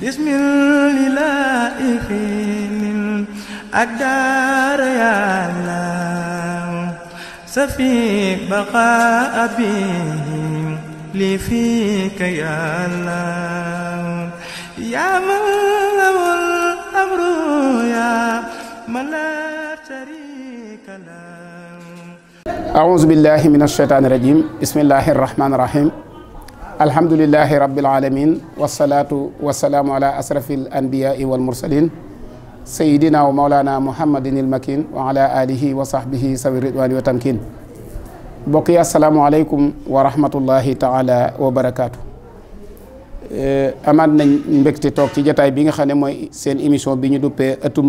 bismillaahi أدار يا الله سفي بقاء أبيهم لي فيك يا الله يا من له الأمر يا من لا شريك له أعوذ بالله من الشيطان الرجيم بسم الله الرحمن الرحيم alhamdulilahi rabbil alamin wasalaatu wasalaamu ala asrafil anbiyaai wal mursalin sayidina wa maulana muhammadin il makin wa ala alihi wa sahbihi sawi ridwani wa tamkin mbokk yi asalaamualeykum wa rahmatullahi taala wa barakaatu eh, amaat nañ mbégte toog ci jataay bi nga xam ne mooy seen émission bi ñu duppee ëttu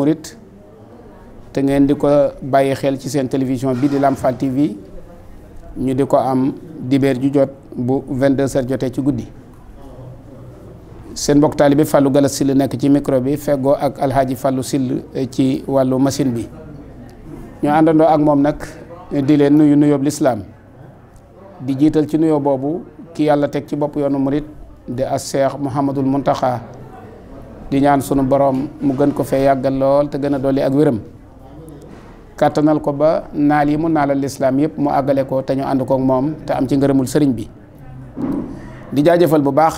te ngeen di ko bàyyi xel ci seen télévision bi di Lamp TV ñu di ko am dibeer ju jot bu 22h jotee ci guddi seen mbokk taalibe Fallou Galass Syll nekk ci micro bi feggoo ak Alxaaji Fallou sill eh, ci wàllu machine bi ñu àndandoo ak moom nag eh, di leen nuyu nuyoob lislaam di jiital ci nuyoo boobu ki yàlla teg ci bopp yoonu murit di as seex Muhammadul Muntaxa di ñaan sunu boroom mu gën ko fee yàggal lool te gën a dolli ak wéram kàttanal ko ba naal yi mu naalal lislaam yëpp mu àggale ko te ñu ànd kook moom te am ci ngërëmul sëriñ bi di jaajëfal bu baax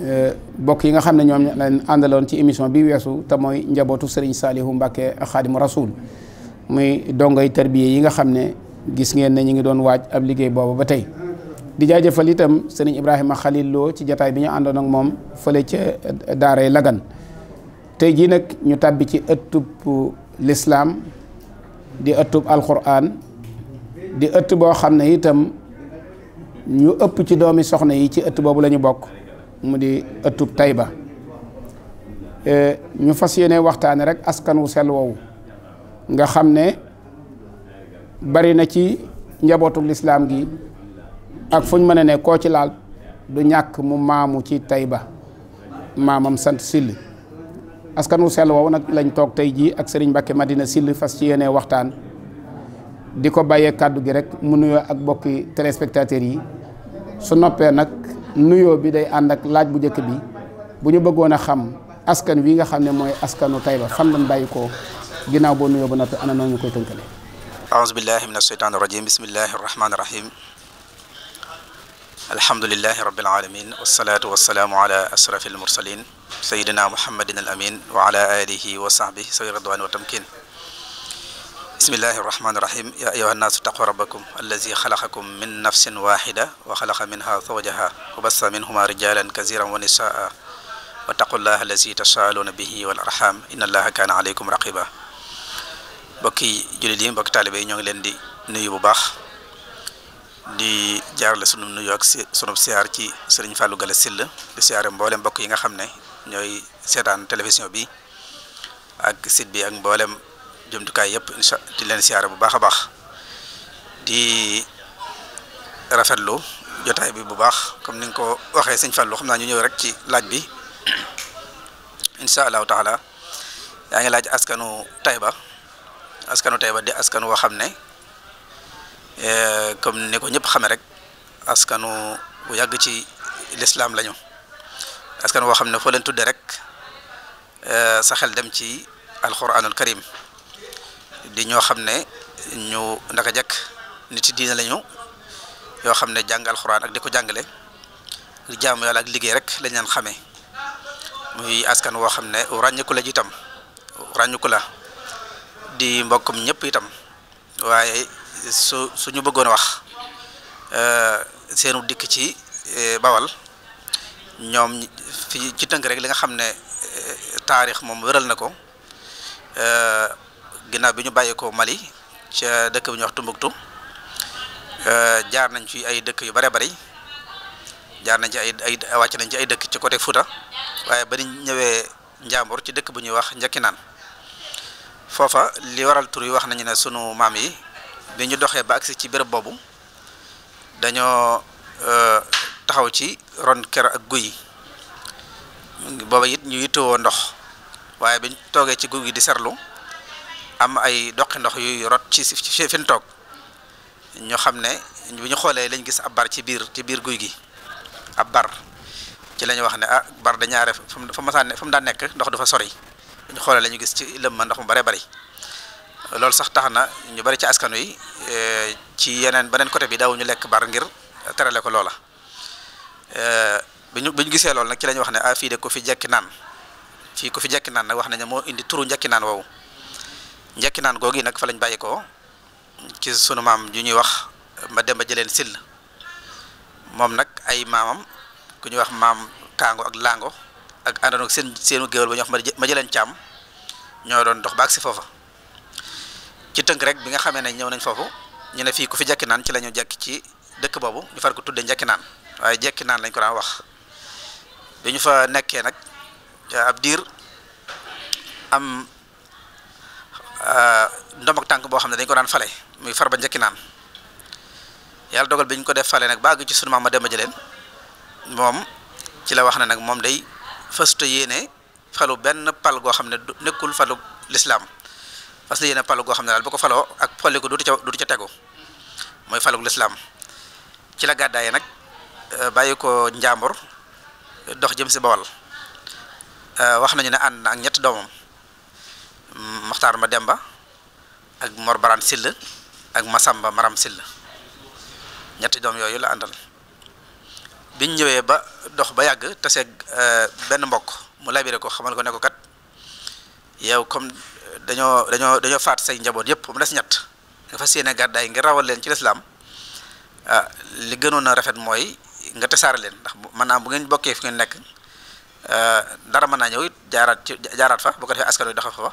eh, bokk yi nga xam ne ñoom lañ àndaloon ci émission bi weesu te mooy njabootu sëriñ Saliou Mbacke Xaadimu Rasuul muy dongay tarbiye yi nga xam ne gis ngeen ne ñu ngi doon waaj ab liggéey boobu ba tey. di jaajëfal itam sëriñ Ibrahima Khalil Lo ci jataay bi ñu àndoon ak moom fële ca daaray Lagan tey jii nag ñu tàbbi ci ëttub lislaam di ëttub alquran di ëtt boo xam ne itam. ñu ëpp ci doomi soxna yi ci ëtt boobu la ñu bokk mu di ëttub Tayba e, ñu fas yéene waxtaane rek askan wu sel woowu nga xam ne bari na ci njabootu lislaam gi ak fuñ mën a ne koo ci laal du ñàkk mu maamu ci ba maamam sant sill askan wu sell woowu nag lañ toog tey jii ak sëriñ Mbàkke dina sill fas ci yéene waxtaan di ko bàyyee kàddu gi rek mu nuyoo ak bokki téléspectateurs yi su noppee nag nuyoo bi day ànd ak laaj bu njëkk bi bu ñu bëggoon a xam askan wi nga xam ne mooy askanu Taïba fan lañ bàyyi ko ginnaaw boo nuyoo ba noppi ana noonu ñu koy tënkale aouzu billahi min asheytan irajim bismillahi arrahmani irahim alhamdulilahi rabbil alamin wasalaatu wasalaamu ala ashraf almursalin sayidina muhammadin al amin wa ala alihi wa sahbihi sawi radwan wa tamkin bismillahi irrahmani irrahim ya ayoha annaasu taqu rabbakum allazi xalaqakum min nafsin waxida wa xalaqa minha zawjaha wa bassa minhuma rijalan kasiran wa nisaa wa taqullaha allazi tasaaluuna bihi wal inna allaha kaana aleykum raqiba mbokki jullit yi mbokki taalibe yi ñoo ngi leen di nuyu bu baax di jaarale sunu nuyu ak sunu siyaar ci sëriñ Fallou Gala Syll di siyaare mboolem mbokk yi nga xam ne ñooy seetaan télévision bi ak site bi ak mboolem jumtukaay yëpp incha di leen siyaare bu baax a baax di rafetlu jotaay bi bu baax comme ni nga ko waxee sëñ Fallou naa ñu ñëw rek ci laaj bi incha allahu taala yaa ngi laaj askanu Taïba askanu Taïba di askanu woo xam ne e, comme ni ko ñëpp xame rek askanu bu yàgg ci lislaam lañu askan woo xam ne foo leen tudde rek e, sa xel dem ci alquranul karim di ñoo xam ne ñu naka jekk nit yi diine lañu yoo xam ne jàng alxuraan ak di ko jàngale di jaamu yàlla ak liggéey rek lañ leen xamee muy askan woo xam ne ràññiku la ji itam ràññiku la di mbokkum ñëpp itam waaye su suñu ñu bëggoon wax eh, seenu dikk ci eh, bawal ñoom fi ci tënk rek li nga xam ne eh, taarix moom wëral na ko. ginnaaw bi ñu bàyyeekoo Mali ca dëkk bi ñuy wax Tumbuktu euh, jaar nañ ci ay dëkk yu bare bari jaar nañ ci ay wàcc nañ ci ay dëkk ci côté Fouta waaye ba ñu ñëwee Njàmbur ci dëkk bu ñuy wax naan foofa li waral tur yi wax nañu ne sunu maam yi bi ñu doxee ba agsi ci bërëb boobu dañoo euh, taxaw ci ron kër ak guy booba it ñu yittewoo ndox waaye biñ toogee ci guy gi di serlu am ay doqi ndox yuy rot ci ci fin toog ñu xam ne bu ñu xoolee lañ gis ab bar ci biir ci biir guy gi ab bar ci la ñu wax ne a ah, bar da ñaare fa mu fa mu daan nekk ndox dafa sori bu ñu xoolee la ñu gis ci lëm ma ndox mu bare bari loolu sax tax na ñu bari ci askan wi eh, ci yeneen beneen côté bi daawuñu lekk bar ngir terale ko loola eh, bi ñu bi ñu gisee lool nag ci la wax ne ah fii de ko fi jekki naan fii ko fi jekki naan nag wax nañu moo indi turu njekki naan woowu. njekki naan googi nag fa lañ bàyyi ko ci sunu maam yu ñuy wax ma demba jëleen sil moom nag ay maamam ku ñuy wax maam kaango ak laango ak àndoon ak seen seenu géwél ba ñu wax ma jëleen caam ñoo doon dox baag si foofa ci tënk rek bi nga xamee ne ñëw nañ foofu ñu ne fii ku fi jekki naan ci lañu ñu ci dëkk boobu ñu far ko tuddee njekki naan waaye jekki naan lañ ko daan wax bi ñu fa nekkee nag ab diir am Euh, ndomb ak tànk boo xam ne dañ ko daan fale muy far ba njëkki naan yàlla dogal bi ñu ko def fale nag bàgg ci sunu maam ma dem jëleen moom ci la wax ne nag moom day faste yéene falu benn pal goo xam ne nekkul falu lislaam faste yéene pal goo xam ne daal boo ko falo ak polliku dutu ca dutu ca tegu mooy faluk lislaam ci la gàddaaye nag euh, bàyyi ko njàmbur dox jëm si bawal euh, wax nañu ne ànd na ak ñett doomam maxtar ma Demba ak Mor Baraan Sill ak Masamba Maram Sill ñetti doom yooyu la àndal biñ ñëwee ba dox ba yàgg taseeg euh, benn mbokk mu labiré ko xamal ko ne ko kat yow comme dañoo dañoo dañoo faat say njaboot yëpp mu des ñett nga yéene gàddaay ngir rawal leen ci lislaam ah li gënoon a rafet mooy nga tasaare leen ndax maanaam bu ngeen bokkee fi ngeen nekk euh, dara mën naa ñëw it jaaraat ci jaaraat fa bu ko defee askan wi doxal fa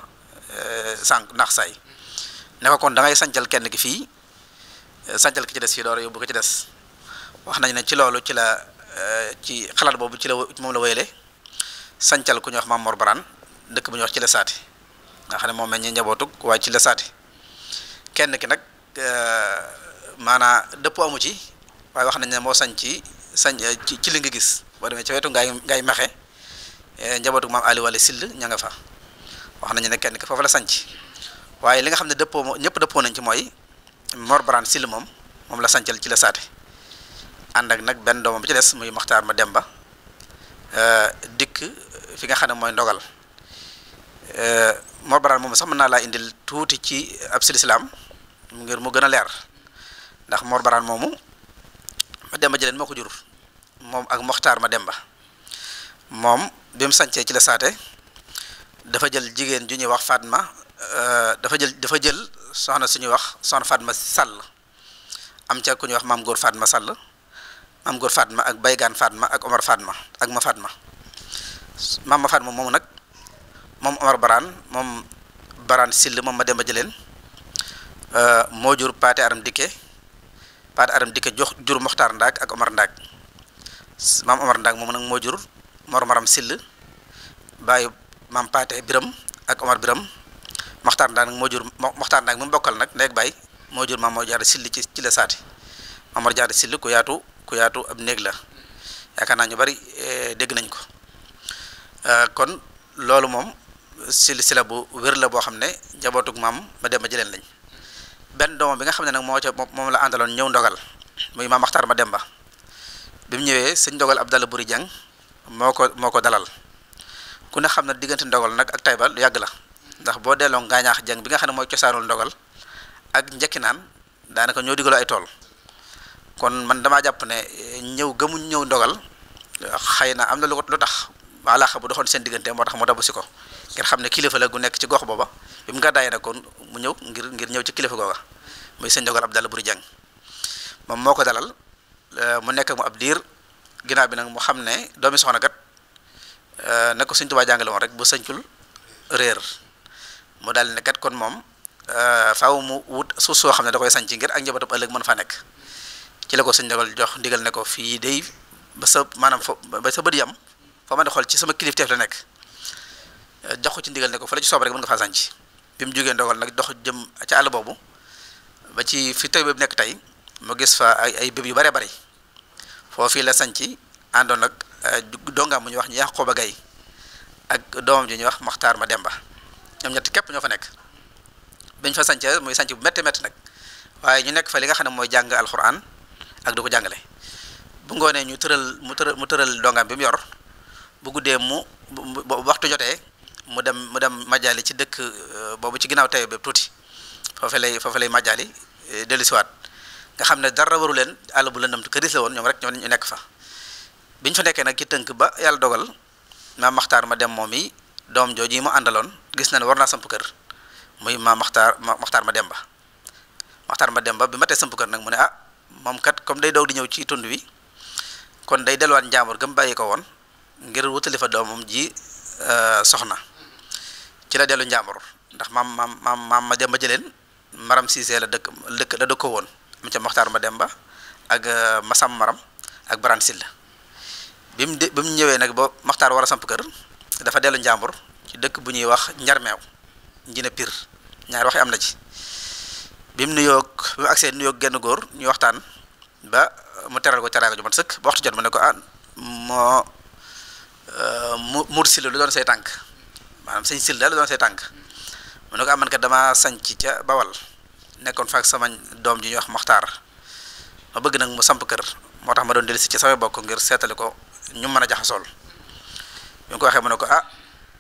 Euh, sànq ndax say ne kon da ngay sancal kenn ki fii euh, sancal ki ci des fii door yóbbu ko ci des wax nañ ne ci loolu ci la euh, ci xalaat boobu ci la moom la wéyale sancal ku ñuy wax Maam Mor Baraan dëkk bu ñuy wax ci la saati nga xam ne moom meñ ñi njabootug ci la saati kenn ki nag maanaa dëpp amu ci waaye wax nañ ne moo sañ ci sañ ci li nga gis boo demee ci ngay ngay maxe njabootug maam Ali Wale Sill ña nga fa wax nañu ne kenn ki foofu la sanc waaye li nga xam ne dëppoo ñëpp dëppoo nañ ci mooy Mor Baraan Sill moom moom la sancal ci la saate ànd ak nag benn doomam bi ci des muy Maxtaar ma Demba euh, dikk fi nga xam ne mooy ndogal euh, Mor Baraan moom sax mën naa laa indil tuuti ci ab silsilaam ngir mu gën a leer ndax Mor Baraan moomu ma Demba jëleen moo ko jur moom ak Maxtaar ma Demba moom bi mu sancee ci la saate dafa jël jigéen ju ñuy wax Fatma euh, dafa jël dafa jël soxna suñuy wax soxna Fatma Sall am ca ku ñuy wax maam góor Fatma Sall maam góor Fatma ak Baygaan Fatma ak Omar Fatma ma Fatma maam ma Fatma moomu nag moom Omar Baraan moom moom ma dem ba jëleen euh, moo jur Paate Aram Dikke Paate Aram Dikke moomu nag moo jur Mor Sill bàyyi. maam Paate Biram ak Omar Biram Moxtaar Ndaak moo jur Moxtaar Ndaak mi nag nekk baay moo jur maam Mor Jaara Silli ci ci la saati maam Mor Jaara Silli ku yaatu ku ab néeg la yaakaar naa ñu bari e, dégg nañ ko e, kon loolu moom silsila bu wér la boo xam ne njabootug maam ma demba jëleen lañ benn doomam bi nga xam ne nag moo ca moom la àndaloon ñëw ndogal muy maam Maxtaar ma demba bi mu ñëwee sëñ ndogal dala Buri Jang moo ko moo ko dalal ku ne xam na diggante ndogal nag ak Tayba lu yàgg la ndax boo delloo ngaañaax jeng bi nga xam ne mooy cosaanul ak njëkki naan daanaka ñoo digaloo ay tool kon man damaa jàpp ne eh, ñëw gëmuñ ñëw ndogal xëy na am na lu lu tax alaaxa bu doxoon seen diggante moo tax moo dabu si ko ngir xam ne kilifa la gu nekk ci gox booba bi mu gàddaay nag kon mu ñëw ngir ngir ñëw ci kilifa googa muy sëñ ndogal Abdalla Buri Jeng moom moo ko dalal eh, mu nekk mu ab diir ginnaaw bi nag mu xam ne doomi soxna kat Euh, na ko sëñ Tuubaa jàngale woon rek bu sëñcul réer mu daal ne kon moom euh, faw mu wut suuf soo xam ne da koy sañc ngir ak njabootam ëllëg mën fa nekk ci la ko sëñ dogal jox ndigal ne ko fii day ba sa maanaam fo ba sa bët yam foo mën a ci sama kilifteef la nekk euh, jox ko ci ndigal ne ko fa la ci soob rek mën nga faa sañc bi mu jógee ndogal nag dox jëm ca àll boobu ba ci fi taw bi nekk tey mu gis fa ay ay béb yu bare bari foo la sañc àndoon nag dongaam mu ñuy wax ñu Yaquba Gay ak doomam ji ñuy wax Maxtaar ma dem ba ñoom ñett képp ñoo fa nekk bañ fa sancee muy sanc bu métti métti nag waaye ñu nekk fa li nga xam ne mooy jàng alxuraan ak di ko jàngale bu ngoonee ñu tëral mu mu tëral dongaam bi mu yor bu guddee mu waxtu jotee mu dem mu dem majjaali ci dëkk euh, boobu ci ginnaaw tey tuuti foofu lay foofu lay majjaali euh, dellusiwaat nga xam ne dara waru leen àll bu lëndëm këris la woon ñoom rek ñoo ñu nekk fa biñ fa nekkee nag ki tënk ba yàlla dogal maam maxtaar ma dem moom yi doom jooju yi mu àndaloon gis na ne war naa samp kër muy maam maxtaar maxtaar ma dem ba maxtaar ma dem ba bi ma tee samp kër nag mu ne ah moom kat comme day doog di ñëw ci tund wi kon day delluwaat njaamur gëm bàyyi ko woon ngir wutale fa doomam ji euh, soxna ci la dellu njaamur ndax maam maam maam maam ma dem ba jëleen maram siisee la dëkk dëkk la dëkk ko woon am ca maxtaar ma dem ba ak euh, masam maram ak baran bi mu de bi mu ñëwee nag ba Maxtaar war a samp kër dafa dellu njàmbur ci dëkk bu ñuy wax njarmeew njina piir ñaar wax yi am na ci bi mu nuyoo bi mu agsee nuyoo genn góor ñu waxtaan ba mu teral ko teraanga ju mat sëkk ba waxtu jot ne ko ah moo euh, mu muur sil lu doon say tànk maanaam sëñ sil tànk mu ne ko am ah, man kat damaa sanc ca bawal nekkoon faak sama doom ji ñuy wax Maxtaar ma bëgg nag mu samp kër moo tax ma doon dellusi ca samay bokk ngir seetali ko ñu mën a jaxasool bi nga ko waxee mu ne ko ah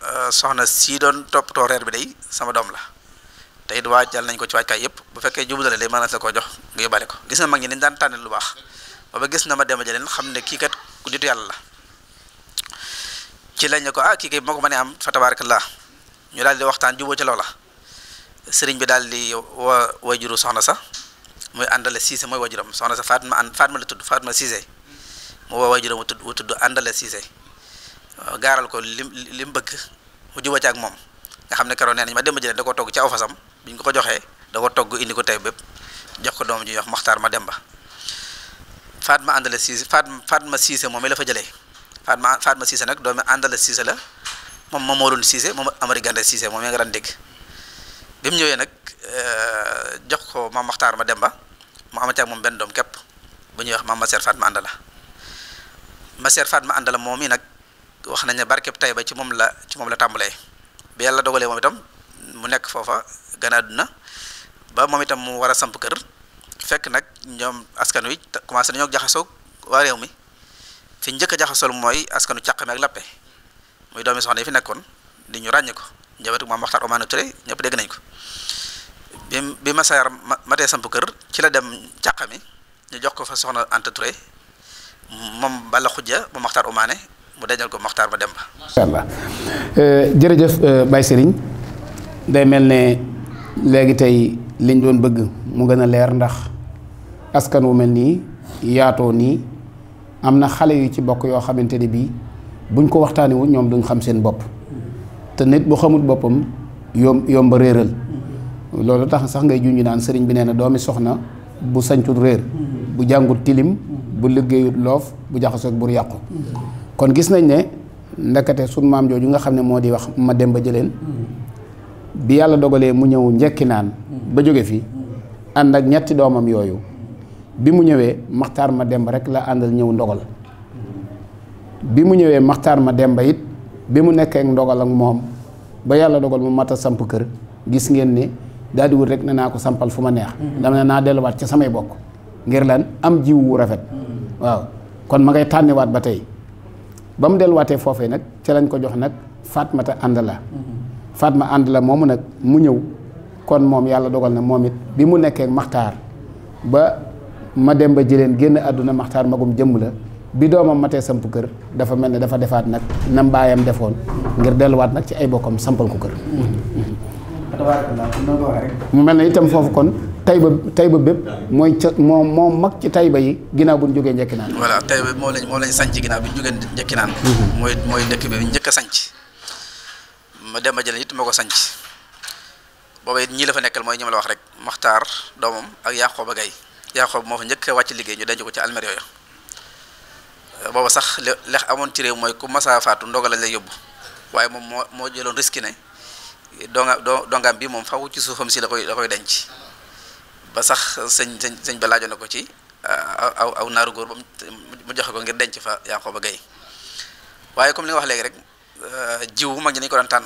euh, soxna sii doon toppatoo reer bi day sama doom la tey du waajal nañ ko ci waajkaay yëpp bu fekkee jubudale day man a la jox nga yóbbaale ko gis na mag ñi dañ daan tànnil lu baax ba gis na ma dem ja leen xam ne kii kat ku nitu yàlla la ci lañ ne ko ah kii kay moo ko mën a am fa tabarakallah ñu daal di waxtaan juboo ci loola sëriñ bi daal di wa wajuru soxna sax muy àndale siise mooy wajuram soxna sa Fatma an Fatma la tudd Fatma Siise mu woo waajuram wu tudd wu tudd àndale Cissé gaaral ko lim lim bëgg mu juba ci ak moom nga xam ne keroog nee nañ ma demba jëlee da ko togg ci aw fasam bi ñu ko ko joxee da togg indi ko tey bépp jox ko doom ji wax Maxtaar ma demba Fatma àndale Cissé Fatma Fatma Cissé moom la fa jëlee Fatma Fatma Cissé nag doomi àndale la moom moom moo doon moom Amari Gande Cissé moom yaa nga daan dégg bi mu ñëwee nag euh, jox ko ma Maxtaar ma demba mu amati ak moom benn doom képp bu ñuy wax ma Maseer Fatma àndala Maseer Fatma àndala moom mi nag wax nañ ne barkeb ba ci moom la ci moom la tàmbalee bi yàlla dogalee moom itam mu nekk foofa ganaa na ba moom itam mu war a samp kër fekk nag ñoom askan wi commencé nañoo jaxasoo waa mi fi njëkk jaxasool mooy askanu càqame ak lappe muy doomi soxna yi fi nekkoon di ñu ràññee ko njabootu maam waxtaan Omaana Touré ñëpp dégg nañ ko bi bi Masaar matee samp kër ci la dem mi ñu jox ko fa soxna Anta Touré moom bala Khoudia mu Maxtaar Omaane mu dajal ko Maxtaar ba dem ba. macha euh, jërëjëf euh, Baye Serigne day mel ne léegi tey liñ doon bëgg mu gën a leer ndax askan wu mel nii yaatoo nii am na xale yu ci bokk yoo xamante ni bii buñ ko waxtaanee wu ñoom duñ xam seen bopp te nit bu xamul boppam yomb yomb réeral loolu tax sax ngay junj naan sëriñ bi nee na doomi soxna. bu sañcut réer bu jàngut tilim bu liggéeyut loof bu jaxasoog bur yàqu kon gis nañ ne ndakate sun maam jooju nga xam ne moo di wax ma dem ba jëleen bi yàlla dogalee mu ñëw njekki naan ba jóge fi ànd ak ñetti doomam yooyu bi mu ñëwee maxtaar ma demb rek la àndal ñëw ndogal bi mu ñëwee maxtaar ma demba it bi mu nekkee ndogal ak moom ba yàlla dogal mu mat a samp kër gis ngeen ne daal wut rek na naa ko sampal fu ma neex. dama ne naa delluwaat ca samay bokk. ngir lan am jiwu wu rafet. waaw kon ma ngay tànnewaat ba tey ba mu delluwaatee foofee nag ca lañ ko jox nag Fatmata ànd la. Fatma ànd la moomu nag mu ñëw kon moom yàlla dogal na moom it bi mu nekkee maxtaar ba ma dem ba jëleen génn àdduna maxtaar magum jëmm la. bi doomam matee samp kër dafa mel ne dafa defaat nag na mbaayam defoon ngir delluwaat nag ci ay bokkam sampal mu mel na itam foofu kon Tayba Tayba bépp mooy ca moo moo mag ci Tayba yi ginnaaw bu ñu jógee Njëkkinaan. voilà Tayba moo lañ moo lañ sanc ginnaaw bi ñu jógee Njëkkinaan. Mhm. mooy mooy dëkk bi njëkk a sanc ma dem a jëlee it ma ko sanc booba it ñii la fa nekkal mooy ñi la wax rek Maxtaar doomam ak Yaakooba Gay Yaakooba moo fa njëkk a wàcc liggéey ñu denc ko ci almer yooyu. booba sax li lex amoon ci réew mooy ku masaa faatu ndogal lañ lay yóbbu waaye moom moo moo jëloon risque ne. donga dongaam bi moom faw ci suufam si la koy la koy denc ba sax sëñ sëñ sëñ ba laajoon na ko ci ah, aw naaru góor ba mu joxe ko ngir denc fa Yankhoba Gaye waaye comme li nga wax léegi rek ah, jiw bu mag ñi dañu ko daan tànn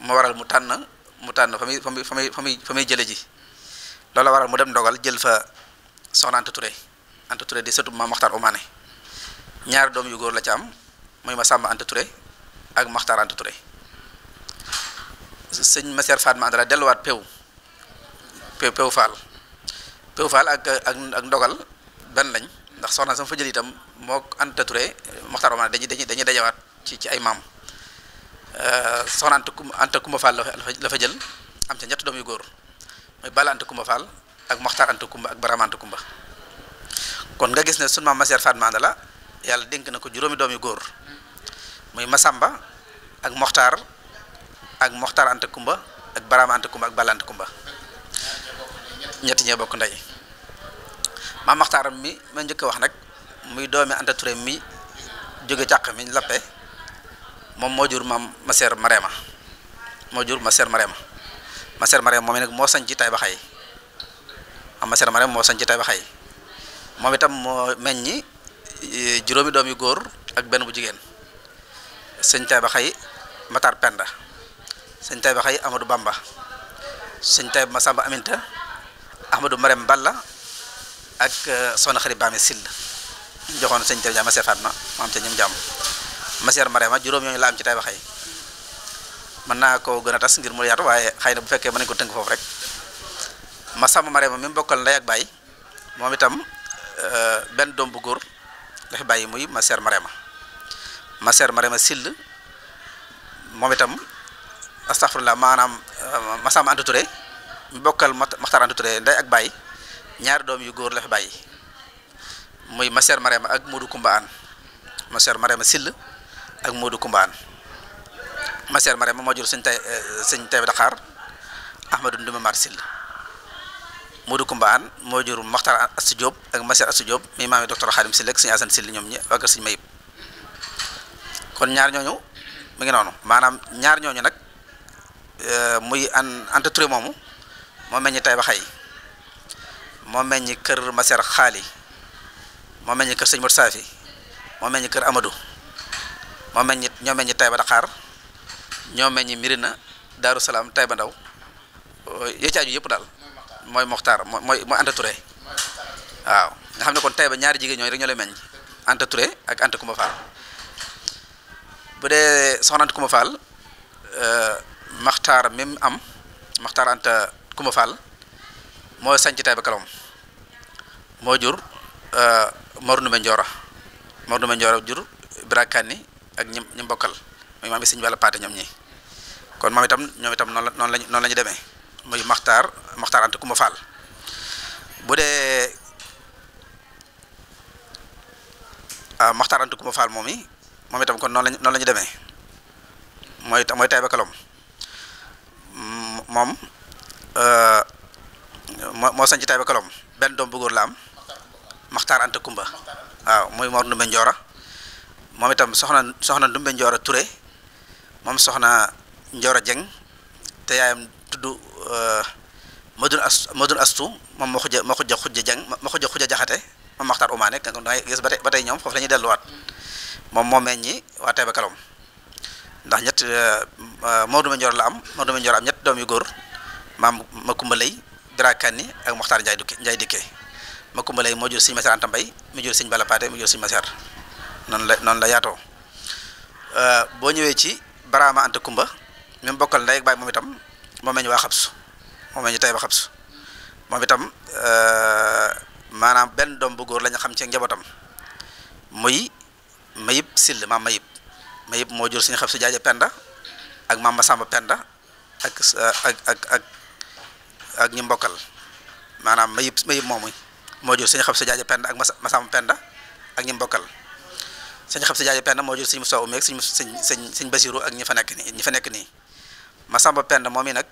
mu waral mu tànn mu tànn fa muy fa muy fa muy fa muy jële ji loolu waral mu dem ndogal jël fa soxna Anta Touré Anta Touré di sëtu Maam Maxtaar Omaane ñaari doom yu góor la ci am muy Masamba Anta Touré ak Maxtaar Anta Touré sëñ Maseer Fatma Andra delluwaat pew pew pew Fall pew ak ak ndogal benn lañ ndax soxna sama fa jël itam moo Anta Touré Moxtaar Omar dañuy dañuy dañuy ci ay maam euh, soxna Anta Kumba Anta Kumba Fall la fa jël am ca ñett doom yu góor mooy Bala Anta Kumba Fall ak Moxtaar Anta Kumba ak Barama Anta Kumba kon nga gis ne suñ maam Maseer Fatma Andra la yàlla dénk na ko juróomi doom yu góor muy Masamba ak Moxtaar. ak Moxtar Anta Kumba ak Barama Anta Kumba ak Balla Anta Kumba ñetti ñee bokk ndey maam Moxtaaram mi ma njëkk wax nag muy doomi Anta Touré mi jóge càq mi lappe moom moo jur ma maam Maseer Marema moo jur Maseer Marema Maseer Marema moom nag moo sañ ci tay ba xay moo sañ ci moom itam moo meññi eh, juróomi doom yu góor ak benn bu jigéen sëñ tay ba xay Matar Penda sëñ Taïba Xay Amadou Bamba sëñ Taïba Masamba Aminta Amadou Marème Balla ak euh, Soxna Xari Baame Sill ñu joxoon sëñ Taïba ma am ca ñum jàmm Massé Marème juróom ñooñu mën naa ko gën a tas ngir mu waaye xëy na bu fekkee mën ko tënk foofu rek mi mu bokkal ndey ak baay moom itam euh, benn doom bu góor dafa bàyyi muy Massé Marème Massé Marème Sill moom itam astafurlah maanaam euh, Massamba Anta Touré mu bokkal Maxtaar Anta ndey ak bàyyi ñaari doom yu góor la fi bàyyi muy Maseer Marema ak Modou Kumbaan Maseer Marema Sill moo jur sëñ tay euh, sëñ tay Daxaar Ahmadou Ndoumbé Mar Sill Modou Kumbaan moo jur Maxtaar Asta Diop ak Maseer Asta Diop mi maami docteur Xaadim Sill ak sëñ Asan Sill ñoom ñi waggal sëñ Mayib kon ñaar ñooñu mu ngi noonu maanaam ñaar ñooñu nag Euh, muy an Anta Touré moomu ñi tay Taïba Xay moo meññi kër Maser Xaali moo meññi kër Sëñ Mor Saafi moo meññi kër Amadou moo meññi ñoo meññi Taïba Dakar ñoo meññi Mirina Daaru Salaam ba Ndaw yee caaju yëpp daal mooy Moxtaar mooy mooy Anta Touré waaw nga xam ne kon ba ñaari jigéen ñooñu rek ñoo lay meññ Anta Touré ak Anta Coumba bu dee soxna Anta Coumba euh, maxtaar mim am maxtaar anta Kumba Fall moo sanc Kalom moo jur euh, Mor Ndumbe Njoora Mor Ndumbe Njoora jur Ibra Kanni ak ñi mbokkal muy maam sëñ Balla Paate kon moom itam ñoom itam noonu la noonu lañ demee muy maxtaar maxtaar anta Kumba bu dee ah, maxtaar anta Kumba Fall moom yi moom itam kon noonu lañ noonu la ñu demee mooy mooy Taïba Kalom moom euh, moo sañ ci Taïba Kalom benn doom bu góor la am Maxtaar Anta Kumba waaw muy Mor Ndumbe Njoora moom itam soxna soxna Ndumbe Njoora Touré moom soxna Njoora Jeng te yaayam tudd euh, ma As Madun Astu moom ma xujja ma xujja xujja Jeng ma xujja xujja Jaxate moom Maxtaar Umaane da ngay gis ba tey ba tey ñoom foofu la delluwaat moom moo meññi waa Taïba Kalom ndax ñett eh, eh, Maodo Mandior la am Maodo Mandior am ñett doom yu góor maam Makumba Lay Bira Kanni ak Moxtaar Njaay Dukke Njaay Dikke Makumba Lay moo jur sëñ Masar Anta Mbay mu jur sëñ Bala Paate mu jur sëñ Masar noonu la noonu la yaatoo eh, boo ñëwee ci Baraama Anta Kumba même bokkal ndey ak baay moom itam moo meñ waa xabsu moo meñ tey ba xabsu moom itam maanaam benn doom bu góor la ñu xam ci njabootam muy mayib sill maam mayib ma yëpp moo jur suñu xam si jaaja penda ak maam Masamba penda ak ak ak ak ñu mbokkal maanaam ma yëpp ma yëpp moo jur suñu xam si jaaja penda ak Masamba penda ak ñu mbokkal suñu xam si jaaja penda moo jur suñu Musaa Umi ak suñu suñ suñ suñ Basiru ak ñi fa nekk nii ñi fa nekk nii Masamba penda moom i nag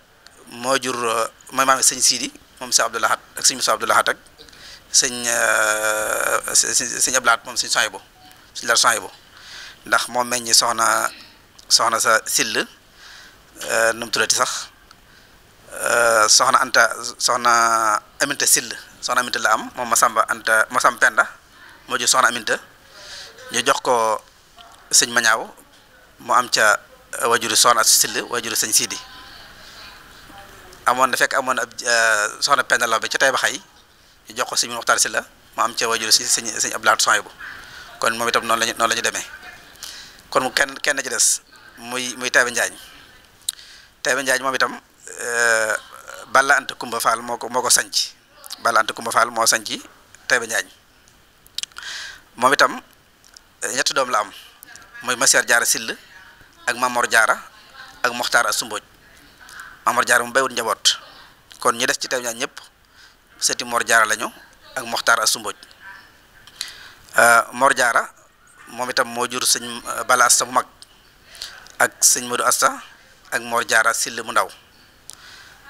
moo jur uh, mooy maam sëñ Sidi moom si Abdou Lahad ak suñu Musaa Abdou Lahad ak sëñ uh, sëñ Abdou Lahad moom suñu Soyibu suñu la Soyibu ndax moo meññi soxna soxna sa sill euh, nu mu sax euh, soxna anta soxna aminta sill soxna aminta la am moom masamba anta masam penda moo ji soxna aminta ñu jox ko sëñ mañaaw moo am ca euh, wajuru soxna sill wajuru sëñ siidi amoon na amoon na ab soxna penda law bi ca tey ba xay ñu jox ko sëñ muxtaar si la moo am ca wajuru sëñ sëñ ab laatu bu kon moom itam noonu lañu noonu la ñu demee kon kenn kenn ci des muy muy Taïba Njaañ Taïba Njaañ moom itam euh, Balla Anta Kumba Fall moo ko moo ko sanc Balla Anta Kumba Fall moo sanc Taïba Njaañ moom itam euh, ñett doom la am muy Massiar Jaara Sill ak Mamor Jaara ak Moxtaar ak Sumboj Mamor Jaara mu béywul kon ñi des ci Taïba ñëpp sëti Mor Jaara lañu ak Moxtaar ak Sumboj euh, Mor Jaara moom itam moo jur sëñ euh, Bala Asta mu mag ak sëñ Modou Asta ak Mor Jaara Sill mu ndaw